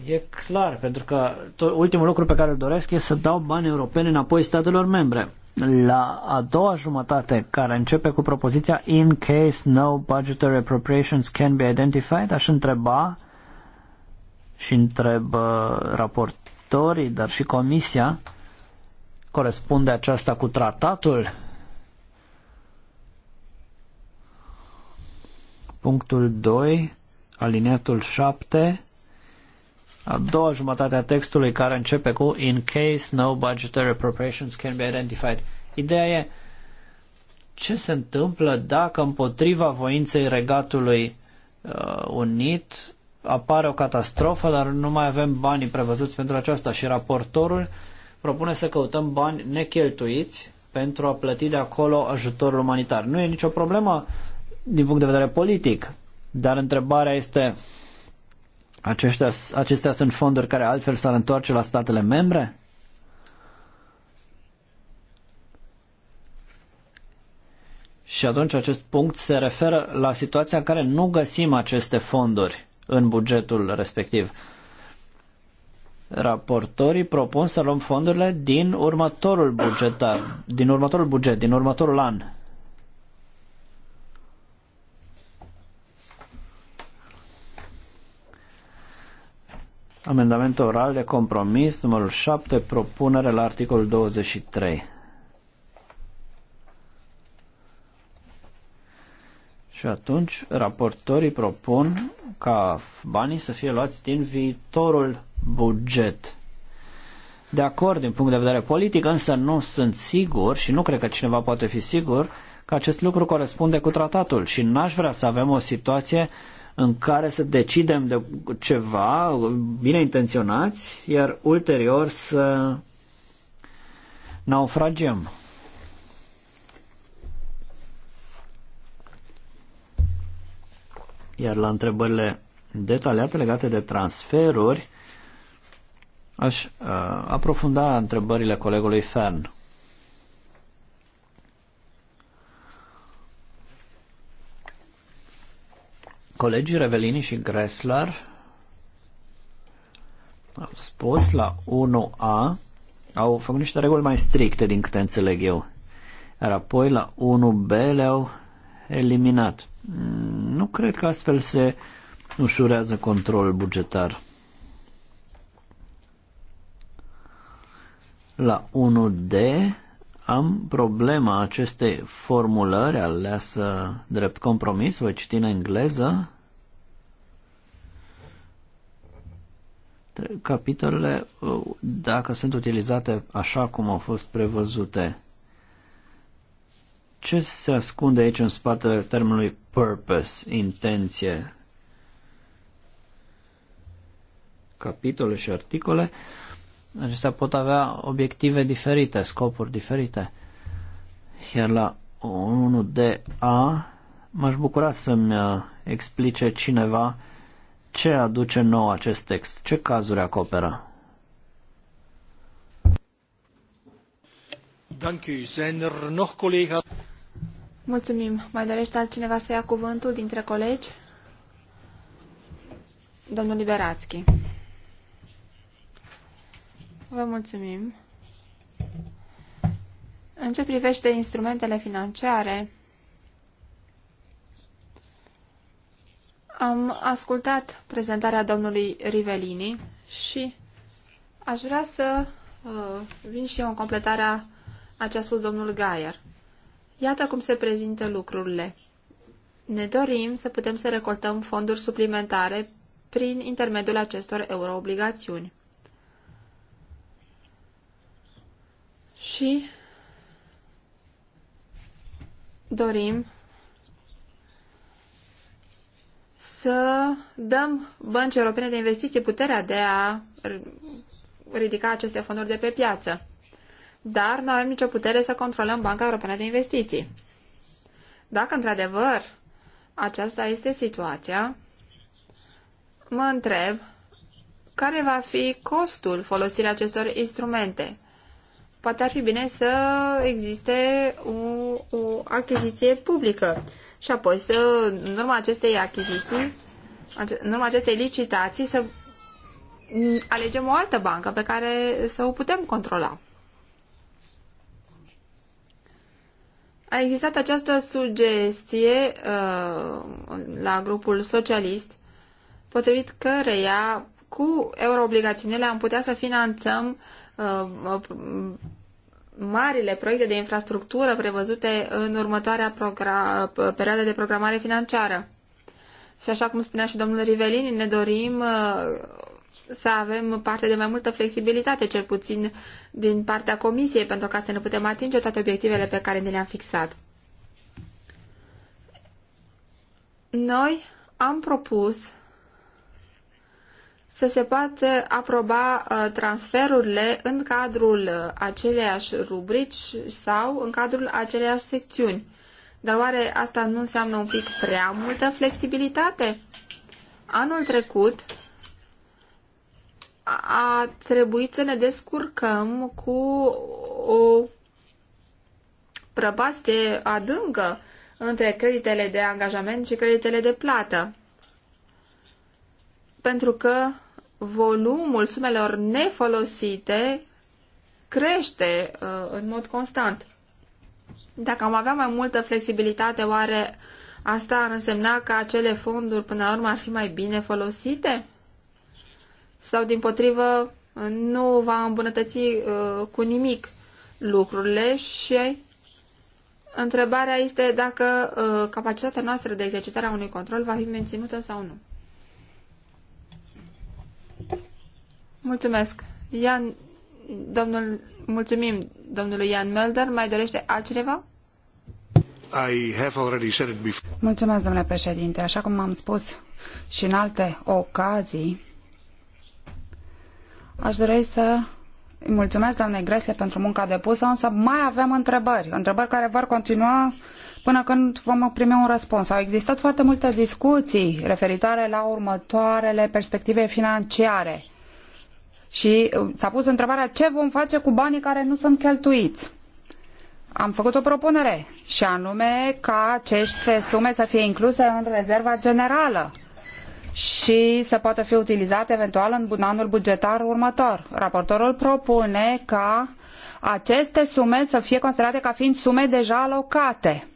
E clar, pentru că ultimul lucru pe care îl doresc este să dau bani europeni înapoi statelor membre. La a doua jumătate, care începe cu propoziția In case no budgetary appropriations can be identified, aș întreba și întreb uh, raportorii, dar și comisia, corespunde aceasta cu tratatul? Punctul 2, aliniatul 7, a doua jumătate a textului care începe cu In case no budgetary appropriations can be identified. Ideea e ce se întâmplă dacă împotriva voinței regatului uh, unit apare o catastrofă, dar nu mai avem banii prevăzuți pentru aceasta și raportorul propune să căutăm bani necheltuiți pentru a plăti de acolo ajutorul umanitar. Nu e nicio problemă din punct de vedere politic, dar întrebarea este aceștia, acestea sunt fonduri care altfel s-ar întoarce la statele membre? Și atunci acest punct se referă la situația în care nu găsim aceste fonduri în bugetul respectiv. Raportorii propun să luăm fondurile din următorul bugetar, din următorul buget, din următorul an. Amendament oral de compromis numărul 7, propunere la articolul 23. Și atunci raportorii propun ca banii să fie luați din viitorul buget. De acord din punct de vedere politic, însă nu sunt sigur și nu cred că cineva poate fi sigur că acest lucru corespunde cu tratatul și n-aș vrea să avem o situație uh, în care să decidem de ceva bine intenționați, iar ulterior să naufragem. Iar la întrebările detaliate legate de transferuri, aș uh, aprofunda întrebările colegului Fern. Colegii Revelini și Gressler au spus la 1A, au făcut niște reguli mai stricte din câte înțeleg eu, iar apoi la 1B le-au eliminat. Mm, nu cred că astfel se ușurează controlul bugetar. La 1D am problema acestei formulări aleasă drept compromis, voi citi în engleză. Capitolele, uh, dacă sunt utilizate așa cum au fost prevăzute, ce se ascunde aici în spatele termenului purpose, intenție? Capitole și articole acestea pot avea obiective diferite, scopuri diferite. Iar la 1DA m-aș bucura să-mi uh, explice cineva ce aduce nou acest text, ce cazuri acoperă. Er Mulțumim. Mai dorește altcineva să ia cuvântul dintre colegi? Domnul Liberațchi. Vă mulțumim. În ce privește instrumentele financiare, am ascultat prezentarea domnului Rivelini și aș vrea să uh, vin și eu în completarea a ce a spus domnul Gaier. Iată cum se prezintă lucrurile. Ne dorim să putem să recoltăm fonduri suplimentare prin intermediul acestor euroobligațiuni. și dorim să dăm băncii europene de investiții puterea de a ridica aceste fonduri de pe piață. Dar nu avem nicio putere să controlăm Banca Europeană de Investiții. Dacă într-adevăr aceasta este situația, mă întreb care va fi costul folosirii acestor instrumente poate ar fi bine să existe o, o achiziție publică și apoi să, în urma acestei achiziții, în urma acestei licitații, să alegem o altă bancă pe care să o putem controla. A existat această sugestie uh, la grupul socialist, potrivit căreia cu euroobligațiunile am putea să finanțăm uh, uh, marile proiecte de infrastructură prevăzute în următoarea uh, perioadă de programare financiară. Și așa cum spunea și domnul Rivelin, ne dorim uh, să avem parte de mai multă flexibilitate, cel puțin din partea Comisiei, pentru ca să ne putem atinge toate obiectivele pe care ne le-am fixat. Noi am propus să se poată aproba uh, transferurile în cadrul uh, aceleiași rubrici sau în cadrul aceleiași secțiuni. Dar oare asta nu înseamnă un pic prea multă flexibilitate? Anul trecut a trebuit să ne descurcăm cu o prăpastie adâncă între creditele de angajament și creditele de plată pentru că volumul sumelor nefolosite crește uh, în mod constant. Dacă am avea mai multă flexibilitate, oare asta ar însemna că acele fonduri până la urmă ar fi mai bine folosite? Sau din potrivă nu va îmbunătăți uh, cu nimic lucrurile și întrebarea este dacă uh, capacitatea noastră de exercitare a unui control va fi menținută sau nu. Mulțumesc. Ian, domnul, mulțumim domnului Ian Melder. Mai dorește altcineva? I have already said it before. Mulțumesc, domnule președinte. Așa cum am spus și în alte ocazii, aș dori să îi mulțumesc, doamnei Gresle, pentru munca depusă, însă mai avem întrebări, întrebări care vor continua până când vom primi un răspuns. Au existat foarte multe discuții referitoare la următoarele perspective financiare. Și s-a pus întrebarea ce vom face cu banii care nu sunt cheltuiți. Am făcut o propunere și anume ca aceste sume să fie incluse în rezerva generală și să poată fi utilizate eventual în anul bugetar următor. Raportorul propune ca aceste sume să fie considerate ca fiind sume deja alocate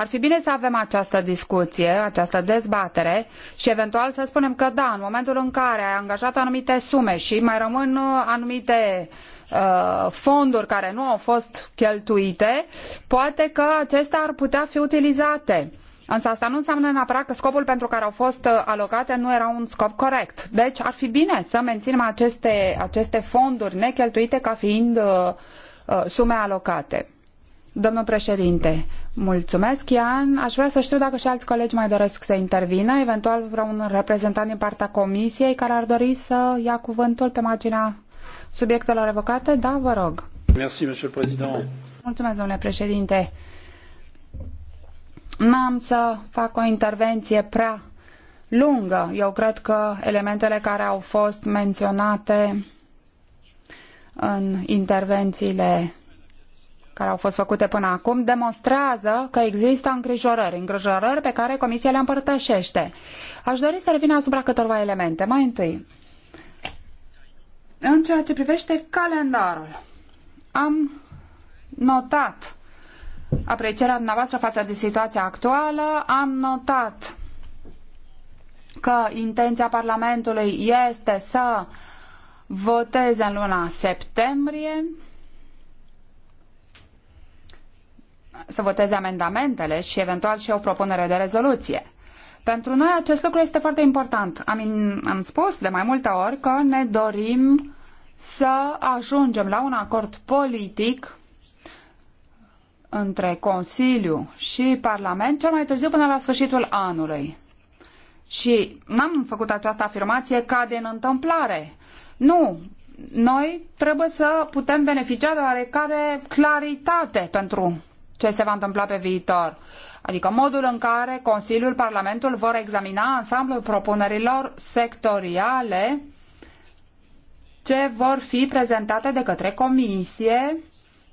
ar fi bine să avem această discuție, această dezbatere și eventual să spunem că da, în momentul în care ai angajat anumite sume și mai rămân uh, anumite uh, fonduri care nu au fost cheltuite, poate că acestea ar putea fi utilizate. Însă asta nu înseamnă neapărat că scopul pentru care au fost uh, alocate nu era un scop corect. Deci ar fi bine să menținem aceste, aceste fonduri necheltuite ca fiind uh, sume alocate. Domnul președinte, Mulțumesc, Ian. Aș vrea să știu dacă și alți colegi mai doresc să intervină, eventual vreun reprezentant din partea comisiei care ar dori să ia cuvântul pe marginea subiectelor evocate. Da, vă rog. Merci, Mulțumesc, domnule președinte. N-am să fac o intervenție prea lungă. Eu cred că elementele care au fost menționate în intervențiile care au fost făcute până acum demonstrează că există îngrijorări, îngrijorări pe care Comisia le împărtășește. Aș dori să revin asupra câtorva elemente. Mai întâi, în ceea ce privește calendarul, am notat aprecierea dumneavoastră față de situația actuală, am notat că intenția Parlamentului este să voteze în luna septembrie, să voteze amendamentele și eventual și o propunere de rezoluție. Pentru noi acest lucru este foarte important. Am, in, am spus de mai multe ori că ne dorim să ajungem la un acord politic între Consiliu și Parlament cel mai târziu până la sfârșitul anului. Și n-am făcut această afirmație ca din întâmplare. Nu, noi trebuie să putem beneficia de oarecare claritate pentru ce se va întâmpla pe viitor, adică modul în care Consiliul, Parlamentul vor examina ansamblul propunerilor sectoriale ce vor fi prezentate de către Comisie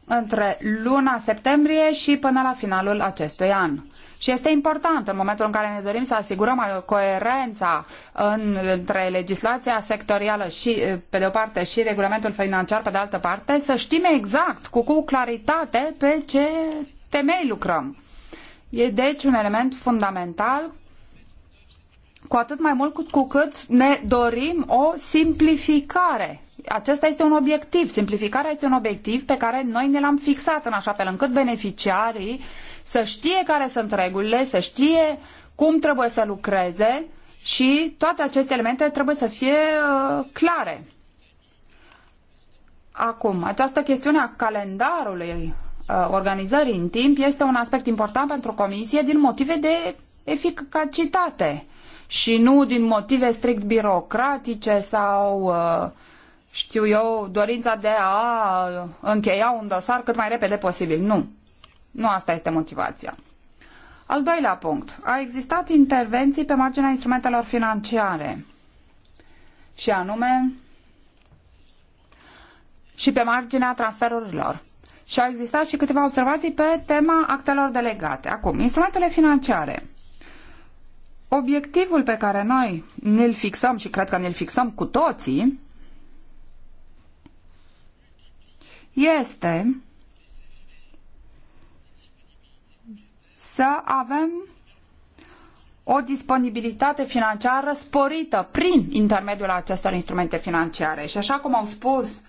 între luna septembrie și până la finalul acestui an. Și este important în momentul în care ne dorim să asigurăm coerența în, între legislația sectorială și, pe de o parte și regulamentul financiar pe de altă parte, să știm exact, cu, cu claritate, pe ce temei lucrăm. E deci un element fundamental cu atât mai mult cu cât ne dorim o simplificare. Acesta este un obiectiv. Simplificarea este un obiectiv pe care noi ne l-am fixat în așa fel încât beneficiarii să știe care sunt regulile, să știe cum trebuie să lucreze și toate aceste elemente trebuie să fie uh, clare. Acum, această chestiune a calendarului Uh, organizării în timp este un aspect important pentru Comisie din motive de eficacitate și nu din motive strict birocratice sau, uh, știu eu, dorința de a încheia un dosar cât mai repede posibil. Nu. Nu asta este motivația. Al doilea punct. a existat intervenții pe marginea instrumentelor financiare și anume și pe marginea transferurilor și au existat și câteva observații pe tema actelor delegate. Acum, instrumentele financiare. Obiectivul pe care noi ne-l fixăm și cred că ne-l fixăm cu toții este să avem o disponibilitate financiară sporită prin intermediul acestor instrumente financiare. Și așa cum au spus uh,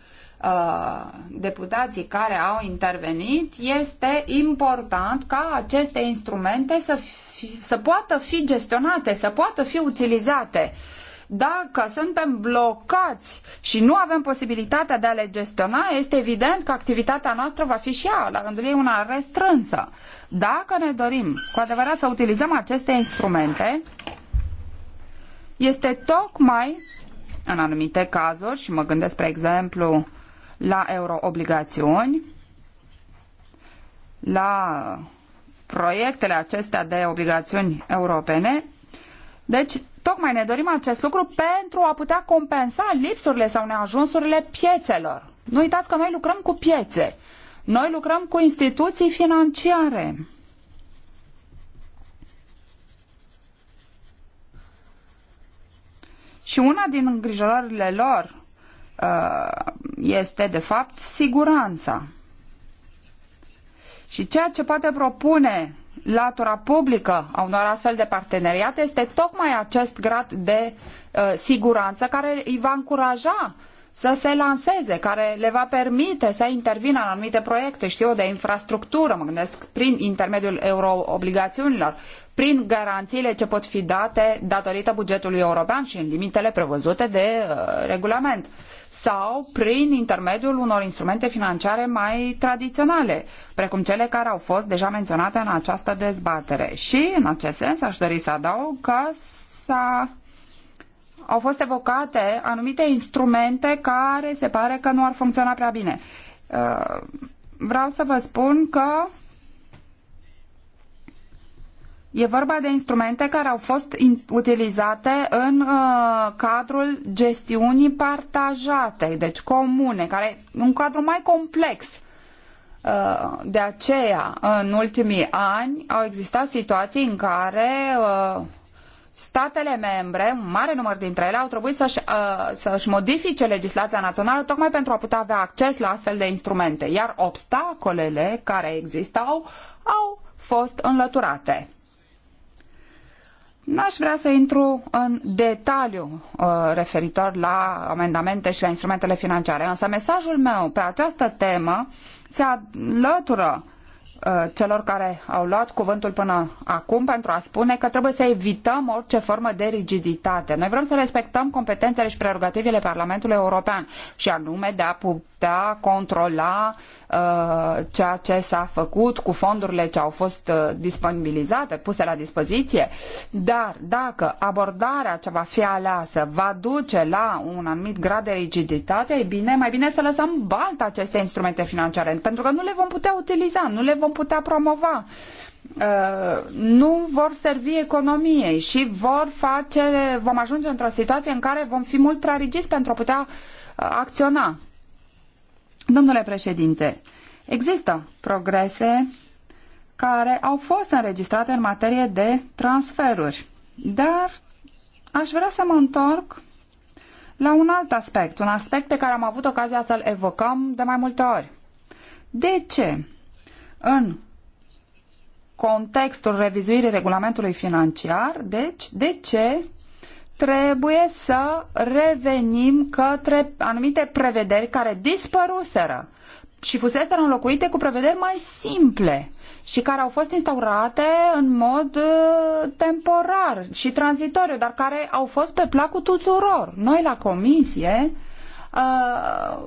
Uh, deputații care au intervenit, este important ca aceste instrumente să, fi, să poată fi gestionate, să poată fi utilizate. Dacă suntem blocați și nu avem posibilitatea de a le gestiona, este evident că activitatea noastră va fi și ea, la rândul ei, una restrânsă. Dacă ne dorim cu adevărat să utilizăm aceste instrumente, este tocmai în anumite cazuri, și mă gândesc, spre exemplu, la euroobligațiuni, la proiectele acestea de obligațiuni europene. Deci, tocmai ne dorim acest lucru pentru a putea compensa lipsurile sau neajunsurile piețelor. Nu uitați că noi lucrăm cu piețe. Noi lucrăm cu instituții financiare. Și una din îngrijorările lor Uh, este de fapt siguranța. Și ceea ce poate propune latura publică a unor astfel de parteneriate este tocmai acest grad de uh, siguranță care îi va încuraja uh, să se lanseze, care le va permite să intervină în anumite proiecte, știu eu, de infrastructură, mă gândesc, prin intermediul euroobligațiunilor, prin garanțiile ce pot fi date datorită bugetului european și în limitele prevăzute de uh, regulament sau prin intermediul unor instrumente financiare mai tradiționale, precum cele care au fost deja menționate în această dezbatere. Și, în acest sens, aș dori să adaug că s-a au fost evocate anumite instrumente care se pare că nu ar funcționa prea bine. Uh, vreau să vă spun că E vorba de instrumente care au fost utilizate în uh, cadrul gestiunii partajate, deci comune, care e un cadru mai complex. Uh, de aceea, în ultimii ani, au existat situații în care uh, statele membre, un mare număr dintre ele, au trebuit să-și, uh, să modifice legislația națională tocmai pentru a putea avea acces la astfel de instrumente, iar obstacolele care existau au fost înlăturate. N-aș vrea să intru în detaliu uh, referitor la amendamente și la instrumentele financiare, însă mesajul meu pe această temă se alătură Uh, celor care au luat cuvântul până acum pentru a spune că trebuie să evităm orice formă de rigiditate. Noi vrem să respectăm competențele și prerogativele Parlamentului European și anume de a putea controla uh, Uh, ceea ce s-a făcut cu fondurile ce au fost uh, disponibilizate, puse la dispoziție, dar dacă abordarea ce va fi aleasă va duce la un anumit grad de rigiditate, e bine, mai bine să lăsăm balta aceste instrumente financiare, pentru că nu le vom putea utiliza, nu le vom putea promova. Uh, nu vor servi economiei și vor face, vom ajunge într-o situație în care vom fi mult prea rigizi pentru a putea acționa. Domnule președinte, există progrese care au fost înregistrate în materie de transferuri, dar aș vrea să mă întorc la un alt aspect, un aspect pe care am avut ocazia să-l evocăm de mai multe ori. De ce în contextul revizuirii regulamentului financiar, deci de ce trebuie să revenim către anumite prevederi care dispăruseră și fusese înlocuite cu prevederi mai simple și care au fost instaurate în mod uh, temporar și tranzitoriu, dar care au fost pe placul tuturor. Noi la comisie uh,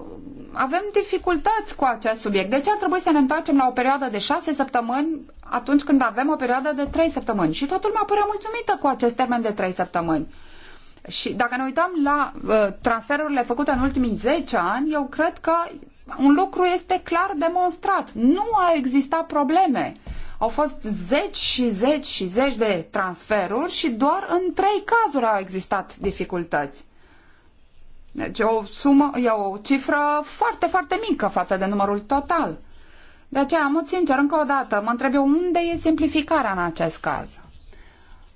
avem dificultăți cu acest subiect. Deci ar trebui să ne întoarcem la o perioadă de șase săptămâni atunci când avem o perioadă de trei săptămâni. Și totul lumea părea mulțumită cu acest termen de trei săptămâni. Și dacă ne uităm la uh, transferurile făcute în ultimii 10 ani, eu cred că un lucru este clar demonstrat. Nu au existat probleme. Au fost zeci și zeci și zeci de transferuri și doar în trei cazuri au existat dificultăți. Deci o sumă, e o cifră foarte, foarte mică față de numărul total. De aceea, mult sincer, încă o dată, mă întreb eu unde e simplificarea în acest caz.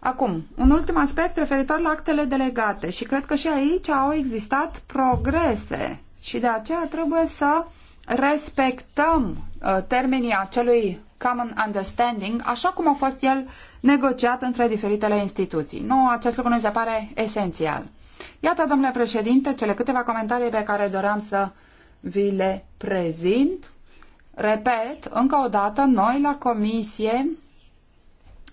Acum, un ultim aspect referitor la actele delegate și cred că și aici au existat progrese și de aceea trebuie să respectăm uh, termenii acelui common understanding așa cum a fost el negociat între diferitele instituții. Nu, acest lucru ne se pare esențial. Iată, domnule președinte, cele câteva comentarii pe care doream să vi le prezint. Repet, încă o dată, noi la comisie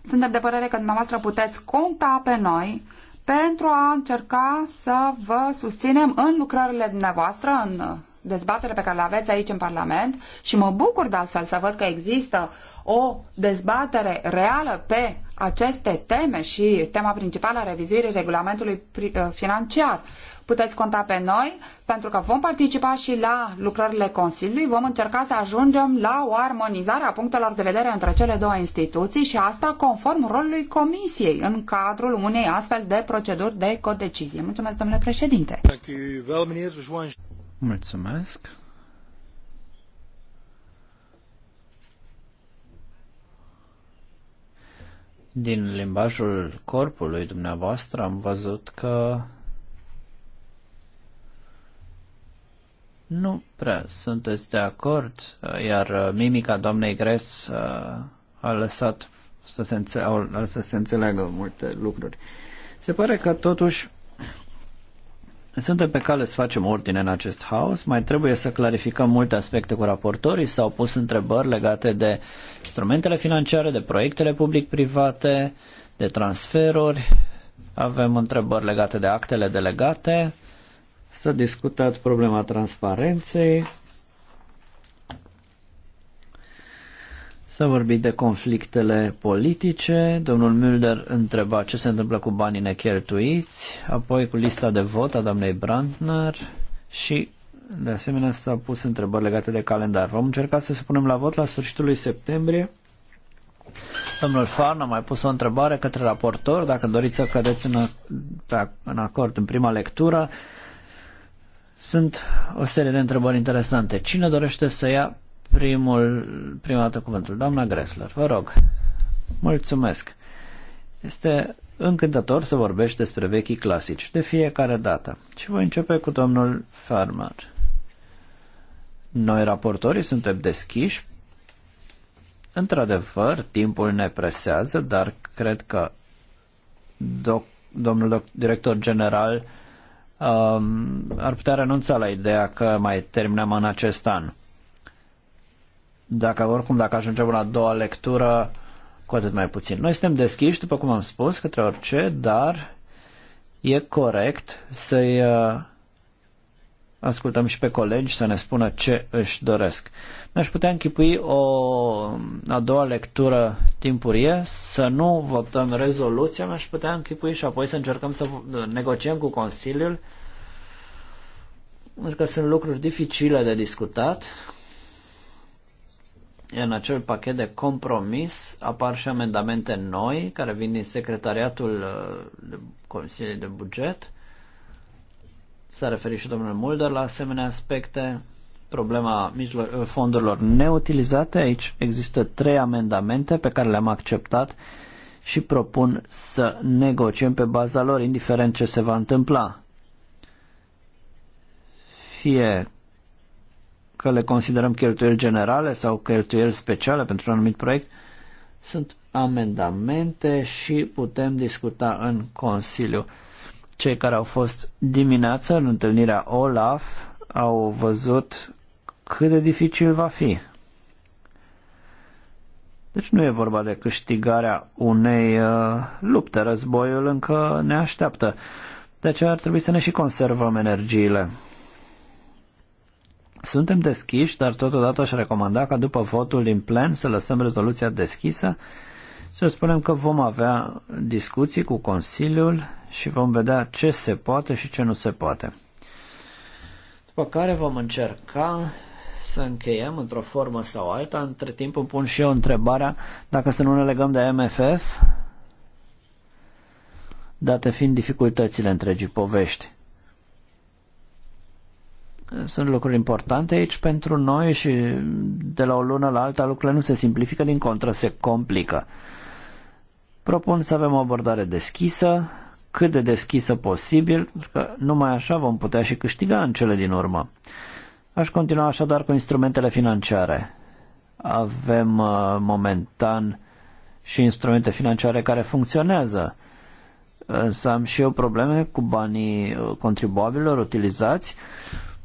suntem de părere că dumneavoastră puteți conta pe noi pentru a încerca să vă susținem în lucrările dumneavoastră, în dezbatere pe care le aveți aici în Parlament și mă bucur de altfel să văd că există o dezbatere reală pe aceste teme și tema principală a revizuirii regulamentului uh, financiar. Puteți conta pe noi pentru că vom participa și la lucrările Consiliului, vom încerca să ajungem la o armonizare a punctelor de vedere între cele două instituții și asta conform rolului Comisiei în cadrul unei astfel de proceduri de codecizie. Mulțumesc, domnule președinte! Mulțumesc! Din limbajul corpului dumneavoastră am văzut că nu prea sunteți de acord, iar mimica doamnei Gres uh, a lăsat să se, înțe- să se înțeleagă multe lucruri. Se pare că totuși suntem pe cale să facem ordine în acest haos, mai trebuie să clarificăm multe aspecte cu raportorii, s-au pus întrebări legate de instrumentele financiare, de proiectele public-private, de transferuri, avem întrebări legate de actele delegate, Să discutăm discutat problema transparenței, S-a vorbit de conflictele politice, domnul Müller întreba ce se întâmplă cu banii necheltuiți, apoi cu lista de vot a doamnei Brandner și de asemenea s-au pus întrebări legate de calendar. Vom încerca să supunem la vot la sfârșitul lui septembrie. Domnul Farn a mai pus o întrebare către raportor, dacă doriți să cădeți în, în acord în prima lectură. Sunt o serie de întrebări interesante. Cine dorește să ia primul, prima dată cuvântul. Doamna Gressler, vă rog. Mulțumesc. Este încântător să vorbești despre vechii clasici, de fiecare dată. Și voi începe cu domnul Farmer. Noi, raportorii, suntem deschiși. Într-adevăr, timpul ne presează, dar cred că doc, domnul doc, director general um, ar putea renunța la ideea că mai terminăm în acest an dacă oricum dacă ajungem la a doua lectură, cu atât mai puțin. Noi suntem deschiși, după cum am spus, către orice, dar e corect să-i uh, ascultăm și pe colegi să ne spună ce își doresc. Mi-aș putea închipui o a doua lectură timpurie, să nu votăm rezoluția, mi-aș putea închipui și apoi să încercăm să negociem cu Consiliul, pentru că sunt lucruri dificile de discutat, în acel pachet de compromis apar și amendamente noi care vin din secretariatul uh, Consiliului de Buget. S-a referit și domnul Mulder la asemenea aspecte. Problema uh, fondurilor neutilizate. Aici există trei amendamente pe care le-am acceptat și propun să negociem pe baza lor, indiferent ce se va întâmpla. Fie că le considerăm cheltuieli generale sau cheltuieli speciale pentru un anumit proiect, sunt amendamente și putem discuta în Consiliu. Cei care au fost dimineață în întâlnirea OLAF au văzut cât de dificil va fi. Deci nu e vorba de câștigarea unei uh, lupte, războiul încă ne așteaptă. De aceea ar trebui să ne și conservăm energiile. Suntem deschiși, dar totodată aș recomanda ca după votul din plen să lăsăm rezoluția deschisă, să spunem că vom avea discuții cu Consiliul și vom vedea ce se poate și ce nu se poate. După care vom încerca să încheiem într-o formă sau alta. Între timp îmi pun și eu întrebarea dacă să nu ne legăm de MFF, date fiind dificultățile întregii povești. Sunt lucruri importante aici pentru noi și de la o lună la alta lucrurile nu se simplifică, din contră se complică. Propun să avem o abordare deschisă, cât de deschisă posibil, pentru că numai așa vom putea și câștiga în cele din urmă. Aș continua așadar cu instrumentele financiare. Avem uh, momentan și instrumente financiare care funcționează, însă am și eu probleme cu banii uh, contribuabililor utilizați.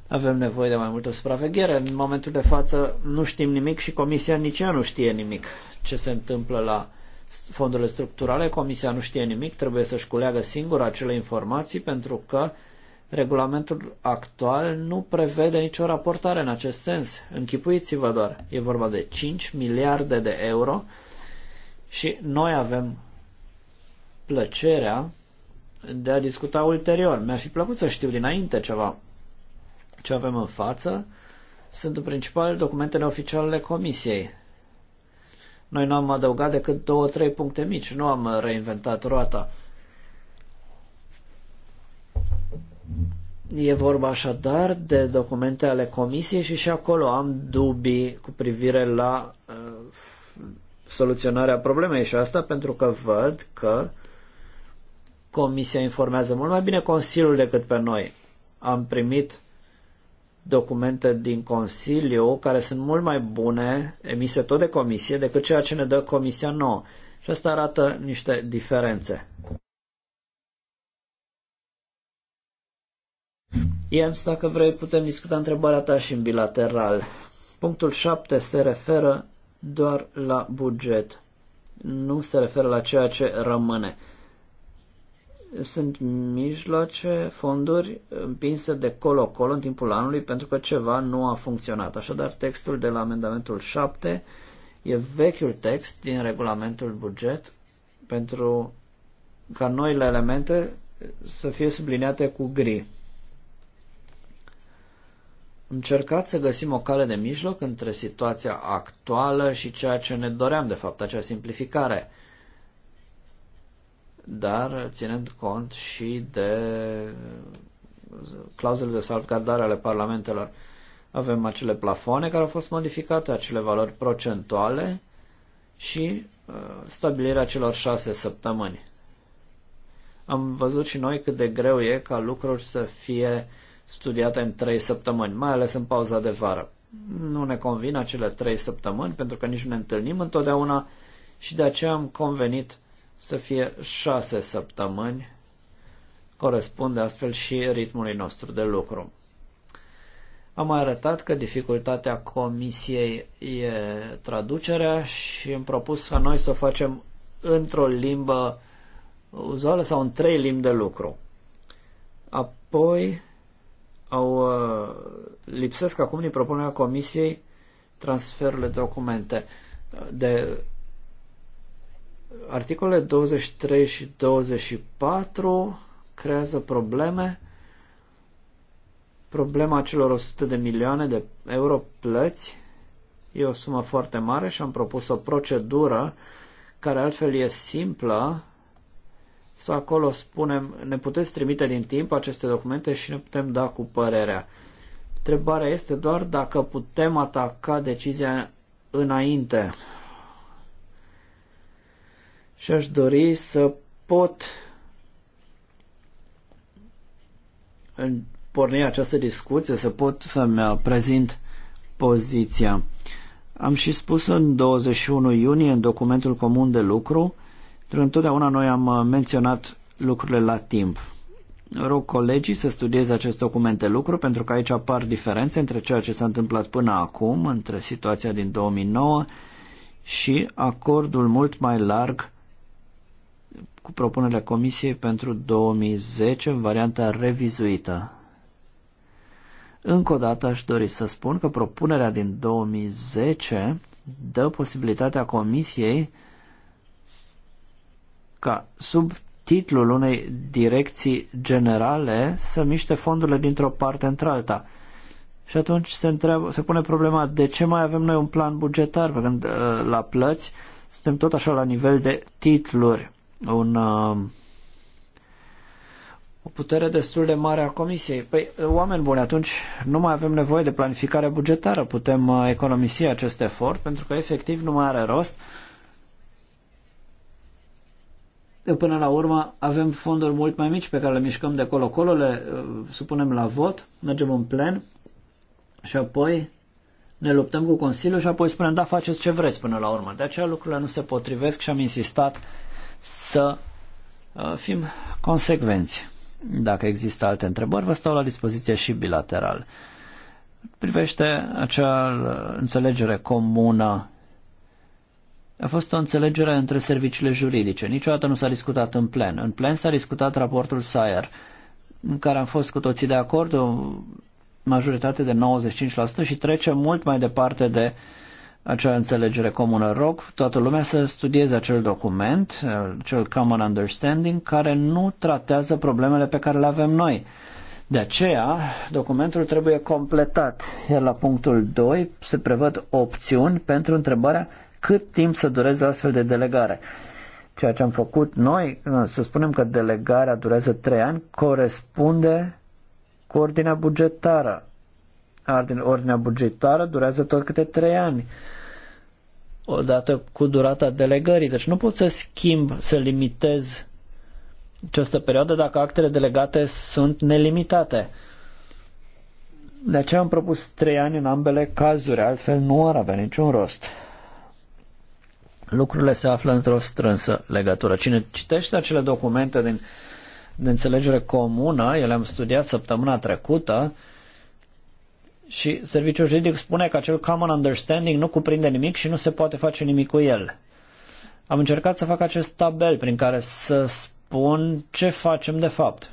Avem nevoie de mai multă supraveghere. În momentul de față nu știm nimic și Comisia nici ea nu știe nimic ce se întâmplă la fondurile structurale. Comisia nu știe nimic, trebuie să-și culeagă singură acele informații pentru că regulamentul actual nu prevede nicio raportare în acest sens. Închipuiți-vă doar, e vorba de 5 miliarde de euro și noi avem plăcerea de a discuta ulterior. Mi-ar fi plăcut să știu dinainte ceva. Ce avem în față sunt în principal documentele oficiale ale Comisiei. Noi nu am adăugat decât două, trei puncte mici, nu am reinventat roata. E vorba așadar de documente ale comisiei și și acolo am dubii cu privire la uh, soluționarea problemei și asta pentru că văd că comisia informează mult mai bine Consiliul decât pe noi. Am primit documente din Consiliu care sunt mult mai bune, emise tot de comisie, decât ceea ce ne dă comisia nouă. Și asta arată niște diferențe. Ian, dacă vrei, putem discuta întrebarea ta și în bilateral. Punctul 7 se referă doar la buget. Nu se referă la ceea ce rămâne sunt mijloace, fonduri împinse de colo-colo în timpul anului pentru că ceva nu a funcționat. Așadar, textul de la amendamentul 7 e vechiul text din regulamentul buget pentru ca noile elemente să fie subliniate cu gri. Am să găsim o cale de mijloc între situația actuală și ceea ce ne doream, de fapt, acea simplificare – dar ținând cont și de uh, clauzele de salvgardare ale parlamentelor. Avem acele plafoane care au fost modificate, acele valori procentuale și uh, stabilirea celor șase săptămâni. Am văzut și noi cât de greu e ca lucruri să fie studiate în trei săptămâni, mai ales în pauza de vară. Nu ne convin acele trei săptămâni pentru că nici nu ne întâlnim întotdeauna și de aceea am convenit să fie șase săptămâni, corespunde astfel și ritmului nostru de lucru. Am arătat că dificultatea comisiei e traducerea și am propus ca noi să o facem într-o limbă uzuală sau în trei limbi de lucru. Apoi au uh, lipsesc acum din propunerea comisiei transferurile de documente de Articolele 23 și 24 creează probleme. Problema celor 100 de milioane de euro plăți e o sumă foarte mare și am propus o procedură care altfel e simplă, sau acolo spunem, ne puteți trimite din timp aceste documente și ne putem da cu părerea. Întrebarea este doar dacă putem ataca decizia înainte și aș dori să pot porni această discuție, să pot să-mi prezint poziția. Am și spus în 21 iunie, în documentul comun de lucru, pentru întotdeauna noi am menționat lucrurile la timp. Rog colegii să studieze acest document de lucru, pentru că aici apar diferențe între ceea ce s-a întâmplat până acum, între situația din 2009 și acordul mult mai larg cu propunerea Comisiei pentru 2010 în varianta revizuită. Încă o dată aș dori să spun că propunerea din 2010 dă posibilitatea Comisiei ca sub titlul unei direcții generale să miște fondurile dintr-o parte într-alta. Și atunci se, întreabă, se pune problema de ce mai avem noi un plan bugetar, când uh, la plăți suntem tot așa la nivel de titluri un, um, o putere destul de mare a Comisiei. Păi, uh, oameni buni, atunci nu mai avem nevoie de planificare bugetară. Putem uh, economisi acest efort pentru că efectiv nu mai are rost. Până la urmă avem fonduri mult mai mici pe care le mișcăm de colo-colo, le uh, supunem la vot, mergem în plen și apoi ne luptăm cu Consiliul și apoi spunem, da, faceți ce vreți până la urmă. De aceea lucrurile nu se potrivesc și am insistat să uh, fim consecvenți. Dacă există alte întrebări, vă stau la dispoziție și bilateral. Privește acea uh, înțelegere comună. A fost o înțelegere între serviciile juridice. Niciodată nu s-a discutat în plen. În plen s-a discutat raportul Sayer, în care am fost cu toții de acord, o majoritate de 95% și trece mult mai departe de uh, acea înțelegere comună. Rog toată lumea să studieze acel document, acel Common Understanding, care nu tratează problemele pe care le avem noi. De aceea, documentul trebuie completat, iar la punctul 2 se prevăd opțiuni pentru întrebarea cât timp să dureze astfel de delegare. Ceea ce am făcut noi, să spunem că delegarea durează 3 ani, corespunde cu ordinea bugetară ar din ordinea bugetară durează tot câte trei ani odată cu durata delegării. Deci nu pot să schimb, să limitez această perioadă dacă actele delegate sunt nelimitate. De aceea am propus trei ani în ambele cazuri, altfel nu ar avea niciun rost. Lucrurile se află într-o strânsă legătură. Cine citește acele documente din, din înțelegere comună, eu am studiat săptămâna trecută, uh, și serviciul juridic spune că acel common understanding nu cuprinde nimic și nu se poate face nimic cu el. Am încercat să fac acest tabel prin care să spun ce facem de fapt.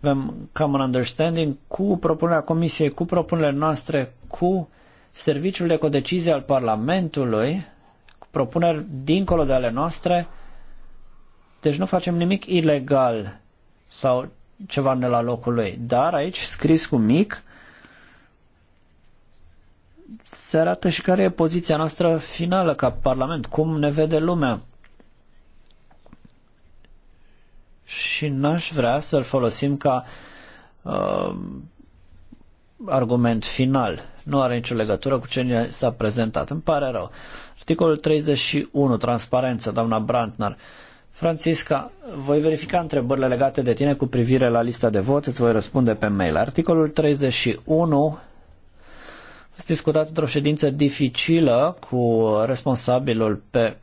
Avem common understanding cu propunerea comisiei, cu propunerile noastre, cu serviciul de codecizie al Parlamentului, cu propuneri dincolo de ale noastre, deci nu facem nimic ilegal sau ceva ne la locul lui. Dar aici, scris cu mic, se arată și care e poziția noastră finală ca Parlament, cum ne vede lumea. Și n-aș vrea să-l folosim ca uh, argument final. Nu are nicio legătură cu ce s-a prezentat. Îmi pare rău. Articolul 31, transparență, doamna Brantner. Francisca, voi verifica întrebările legate de tine cu privire la lista de vot, îți voi răspunde pe mail. Articolul 31 Ați discutat într-o ședință dificilă cu responsabilul pe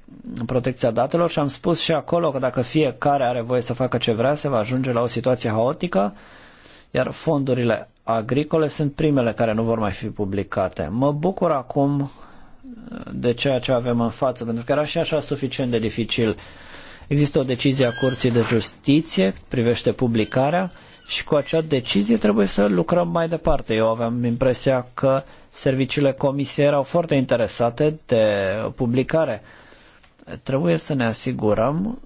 protecția datelor și am spus și acolo că dacă fiecare are voie să facă ce vrea, se va ajunge la o situație haotică, iar fondurile agricole sunt primele care nu vor mai fi publicate. Mă bucur acum de ceea ce avem în față, pentru că era și așa suficient de dificil. Există o decizie a Curții de Justiție, privește publicarea, și cu acea decizie trebuie să lucrăm mai departe. Eu aveam impresia că uh, serviciile comisiei erau foarte interesate de publicare. Trebuie să ne asigurăm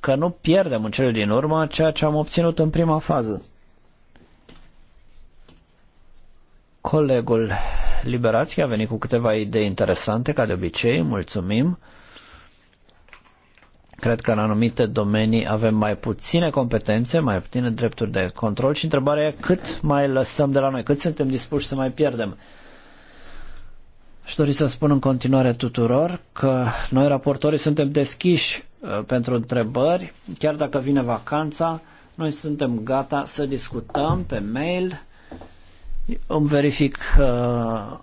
că nu pierdem în cele din urmă ceea ce am obținut în prima fază. Colegul Liberații a venit cu câteva idei interesante, ca de obicei, mulțumim. Cred că în anumite domenii avem mai puține competențe, mai puține drepturi de control și întrebarea e cât mai lăsăm de la noi, cât suntem dispuși să mai pierdem. Aș dori să spun în continuare tuturor că noi, raportorii, suntem deschiși uh, pentru întrebări. Chiar dacă vine vacanța, noi suntem gata să discutăm pe mail. Îmi verific uh,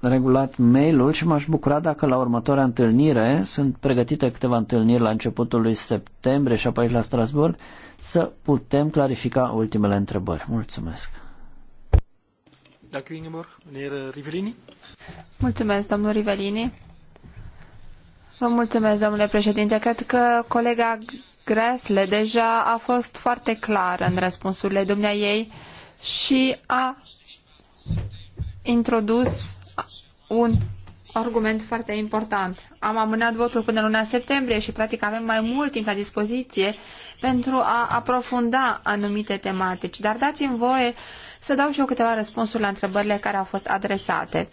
regulat mail-ul și m-aș bucura dacă la următoarea întâlnire, sunt pregătite câteva întâlniri la începutul lui septembrie și apoi la Strasburg, să putem clarifica ultimele întrebări. Mulțumesc! Dank u, Ingeborg. Meneer eh, Rivellini. Mulțumesc, domnul Rivellini. Vă mulțumesc, domnule președinte. Cred că colega Gresle deja a fost foarte clară în răspunsurile dumneaei și a introdus un argument foarte important. Am amânat votul până luna septembrie și practic avem mai mult timp la dispoziție pentru a aprofunda anumite tematici. Dar dați-mi voie să dau și eu câteva răspunsuri la întrebările care au fost adresate.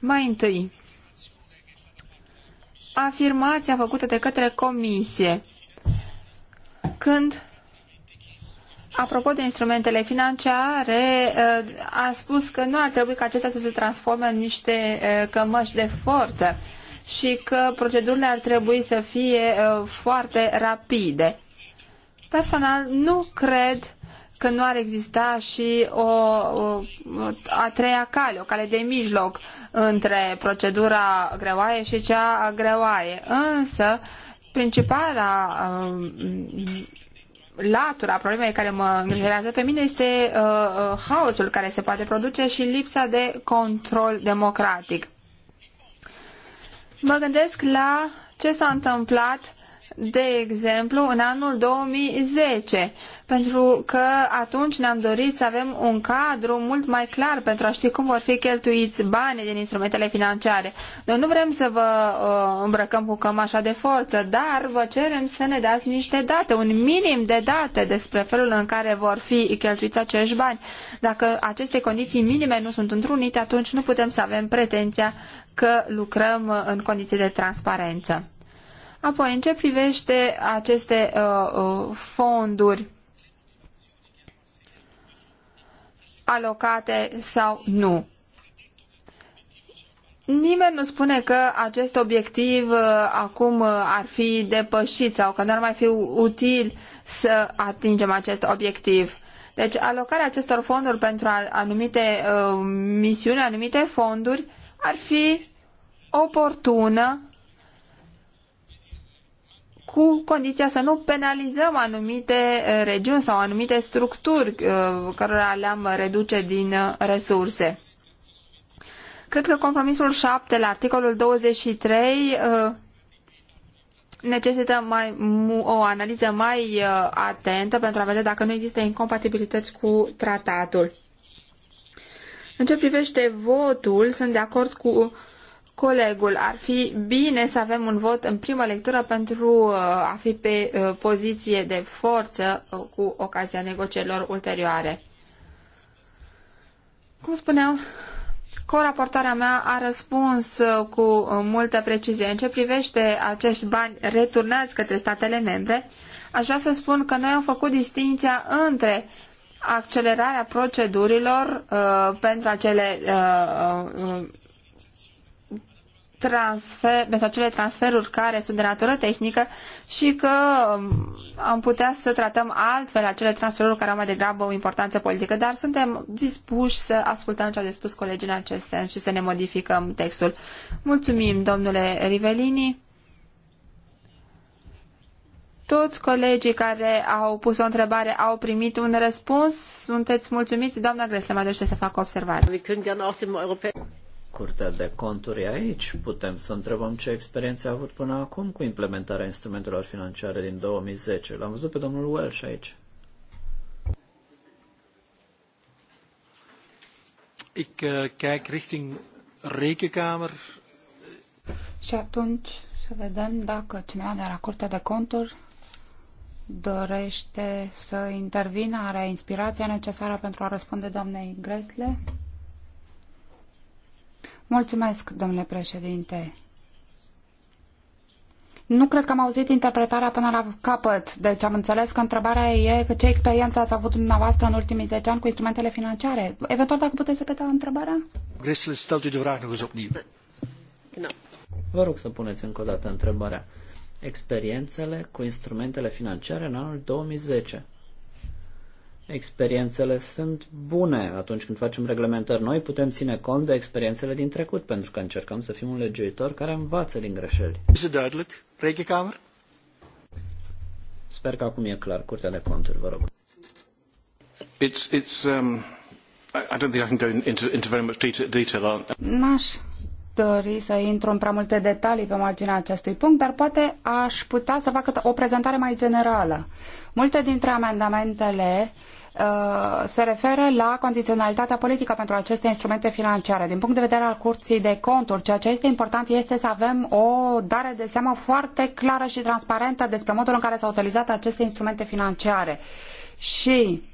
Mai întâi, afirmația făcută de către comisie când Apropo de instrumentele financiare, uh, a spus că nu ar trebui ca acestea să se transforme în niște uh, cămăși de forță și că procedurile ar trebui să fie uh, foarte rapide. Personal, nu cred că nu ar exista și o, o a treia cale, o cale de mijloc între procedura greoaie și cea greoaie. Însă, principala um, latura problemei care mă îngrijorează pe mine este uh, uh, haosul care se poate produce și lipsa de control democratic. Mă gândesc la ce s-a întâmplat de exemplu, în anul 2010, pentru că atunci ne-am dorit să avem un cadru mult mai clar pentru a ști cum vor fi cheltuiți banii din instrumentele financiare. Noi nu vrem să vă uh, îmbrăcăm cu cămașa de forță, dar vă cerem să ne dați niște date, un minim de date despre felul în care vor fi cheltuiți acești bani. Dacă aceste condiții minime nu sunt întrunite, atunci nu putem să avem pretenția că lucrăm uh, în condiții de transparență. Apoi, în ce privește aceste uh, uh, fonduri alocate sau nu? Nimeni nu spune că acest obiectiv uh, acum uh, ar fi depășit sau că n-ar mai fi util să atingem acest obiectiv. Deci alocarea acestor fonduri pentru anumite uh, misiuni, anumite fonduri, ar fi oportună cu condiția să nu penalizăm anumite eh, regiuni sau anumite structuri eh, cărora le-am reduce din eh, resurse. Cred că compromisul 7 la articolul 23 necesită mai, o analiză mai atentă pentru a vedea dacă nu există incompatibilități cu tratatul. În ce privește votul, sunt de acord cu colegul. Ar fi bine să avem un vot în primă lectură pentru uh, a fi pe uh, poziție de forță uh, cu ocazia negocierilor ulterioare. Cum spuneam, Coraportarea mea a răspuns cu multă precizie. În ce privește acești bani returnați către statele membre, aș vrea să spun că noi am făcut distinția între accelerarea procedurilor uh, pentru acele uh, transfer, pentru acele transferuri care sunt de natură tehnică și că um, am putea să tratăm altfel acele transferuri care au mai degrabă o importanță politică, dar suntem dispuși să ascultăm ce au spus colegii în acest sens și să ne modificăm textul. Mulțumim, domnule Rivelini. Toți colegii care au pus o întrebare au primit un răspuns. Sunteți mulțumiți? Doamna Gresle, mai să facă observare. Curtea de Conturi aici, putem să întrebăm ce experiență a avut până acum cu implementarea instrumentelor financiare din 2010. L-am văzut pe domnul Welsh aici. Ik uh, kijk richting Rekenkamer. Și atunci să vedem dacă cineva de la Curtea de Conturi dorește să intervină, are inspirația necesară pentru a răspunde doamnei Gresle. Mulțumesc, domnule președinte. Nu cred că am auzit interpretarea până la capăt, deci am înțeles că întrebarea e că ce experiență ați avut dumneavoastră în ultimii 10 ani cu instrumentele financiare. Eventual, dacă puteți repeta întrebarea? Vă rog să puneți încă o dată întrebarea. Experiențele cu instrumentele financiare în anul 2010 experiențele sunt bune. Atunci când facem reglementări noi, putem ține cont de experiențele din trecut, pentru că încercăm să fim un legiuitor care învață din greșeli. Sper că acum e clar. Curtea de conturi, vă rog. It's, it's, um, I don't think I can go into, into very much detail N-aș dori să intru în prea multe detalii pe marginea acestui punct, dar poate aș putea să fac o prezentare mai generală. Multe dintre amendamentele uh, se referă la condiționalitatea politică pentru aceste instrumente financiare. Din punct de vedere al curții de conturi, ceea ce este important este să avem o dare de seamă foarte clară și transparentă despre modul în care s-au utilizat aceste instrumente financiare. Și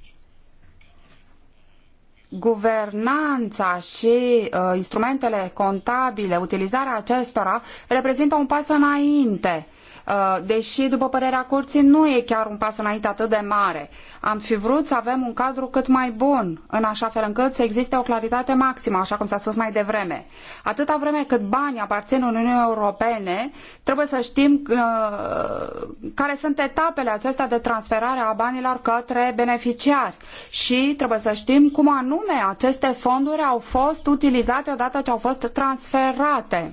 guvernanța și uh, instrumentele contabile, utilizarea acestora, reprezintă un pas înainte Uh, deși, după părerea curții, nu e chiar un pas înainte atât de mare. Am fi vrut să avem un cadru cât mai bun, în așa fel încât să existe o claritate maximă, așa cum s-a spus mai devreme. Atâta vreme cât banii aparțin Uniunii Europene, trebuie să știm uh, care sunt etapele acestea de transferare a banilor către beneficiari și trebuie să știm cum anume aceste fonduri au fost utilizate odată ce au fost transferate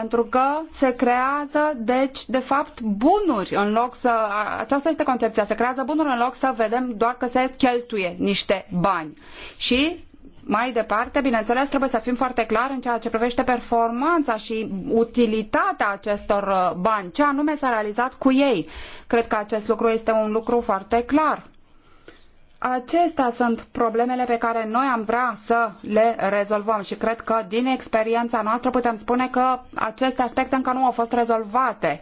pentru că se creează, deci, de fapt, bunuri în loc să... Aceasta este concepția, se creează bunuri în loc să vedem doar că se cheltuie niște bani. Și mai departe, bineînțeles, trebuie să fim foarte clari în ceea ce privește performanța și utilitatea acestor uh, bani, ce anume s-a realizat cu ei. Cred că acest lucru este un lucru foarte clar. Acestea sunt problemele pe care noi am vrea să le rezolvăm și cred că din experiența noastră putem spune că aceste aspecte încă nu au fost rezolvate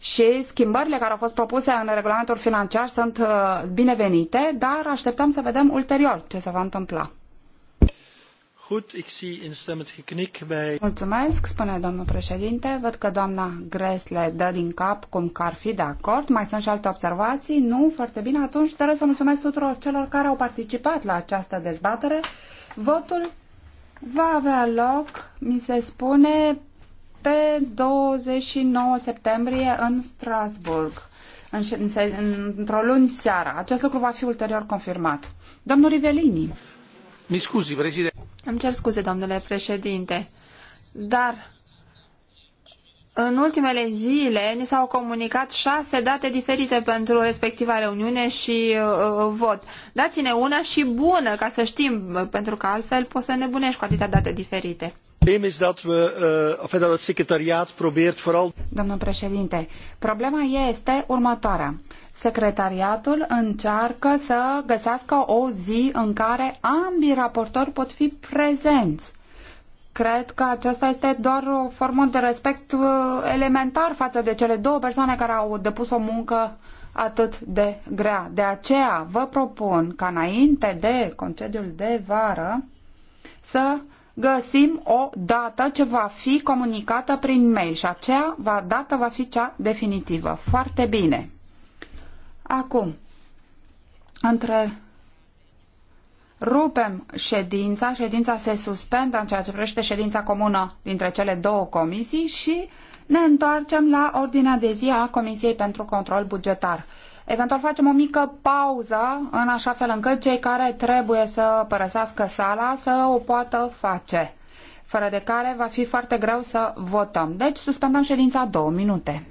și schimbările care au fost propuse în regulamentul financiar sunt uh, binevenite, dar așteptăm să vedem ulterior ce se va întâmpla. Mulțumesc, spune domnul președinte. Văd că doamna Gresle dă din cap cum că ar fi de acord. Mai sunt și alte observații? Nu? Foarte bine. Atunci trebuie să mulțumesc tuturor celor care au participat la această dezbatere. Votul va avea loc, mi se spune, pe 29 septembrie în Strasburg într-o luni seara. Acest lucru va fi ulterior confirmat. Domnul Rivelini. Mi scuzi, președinte. Îmi cer scuze, domnule președinte, dar în ultimele zile ni s-au comunicat șase date diferite pentru respectiva reuniune și uh, uh vot. Dați-ne una și bună, ca să știm, pentru că altfel poți să nebunești cu atâtea date diferite. Uh, Doamnă președinte, problema este următoarea. Secretariatul încearcă să găsească o zi în care ambii raportori pot fi prezenți. Cred că aceasta este doar o formă de respect uh, elementar față de cele două persoane care au depus o muncă atât de grea. De aceea vă propun ca înainte de concediul de vară să găsim o dată ce va fi comunicată prin mail și aceea va, dată va fi cea definitivă. Foarte bine! Acum, între rupem ședința, ședința se suspendă în ceea ce privește ședința comună dintre cele două comisii și ne întoarcem la ordinea de zi a Comisiei pentru Control Bugetar. Eventual facem o mică pauză în așa fel încât cei care trebuie să părăsească sala să o poată face, fără de care va fi foarte greu să votăm. Deci suspendăm ședința două minute.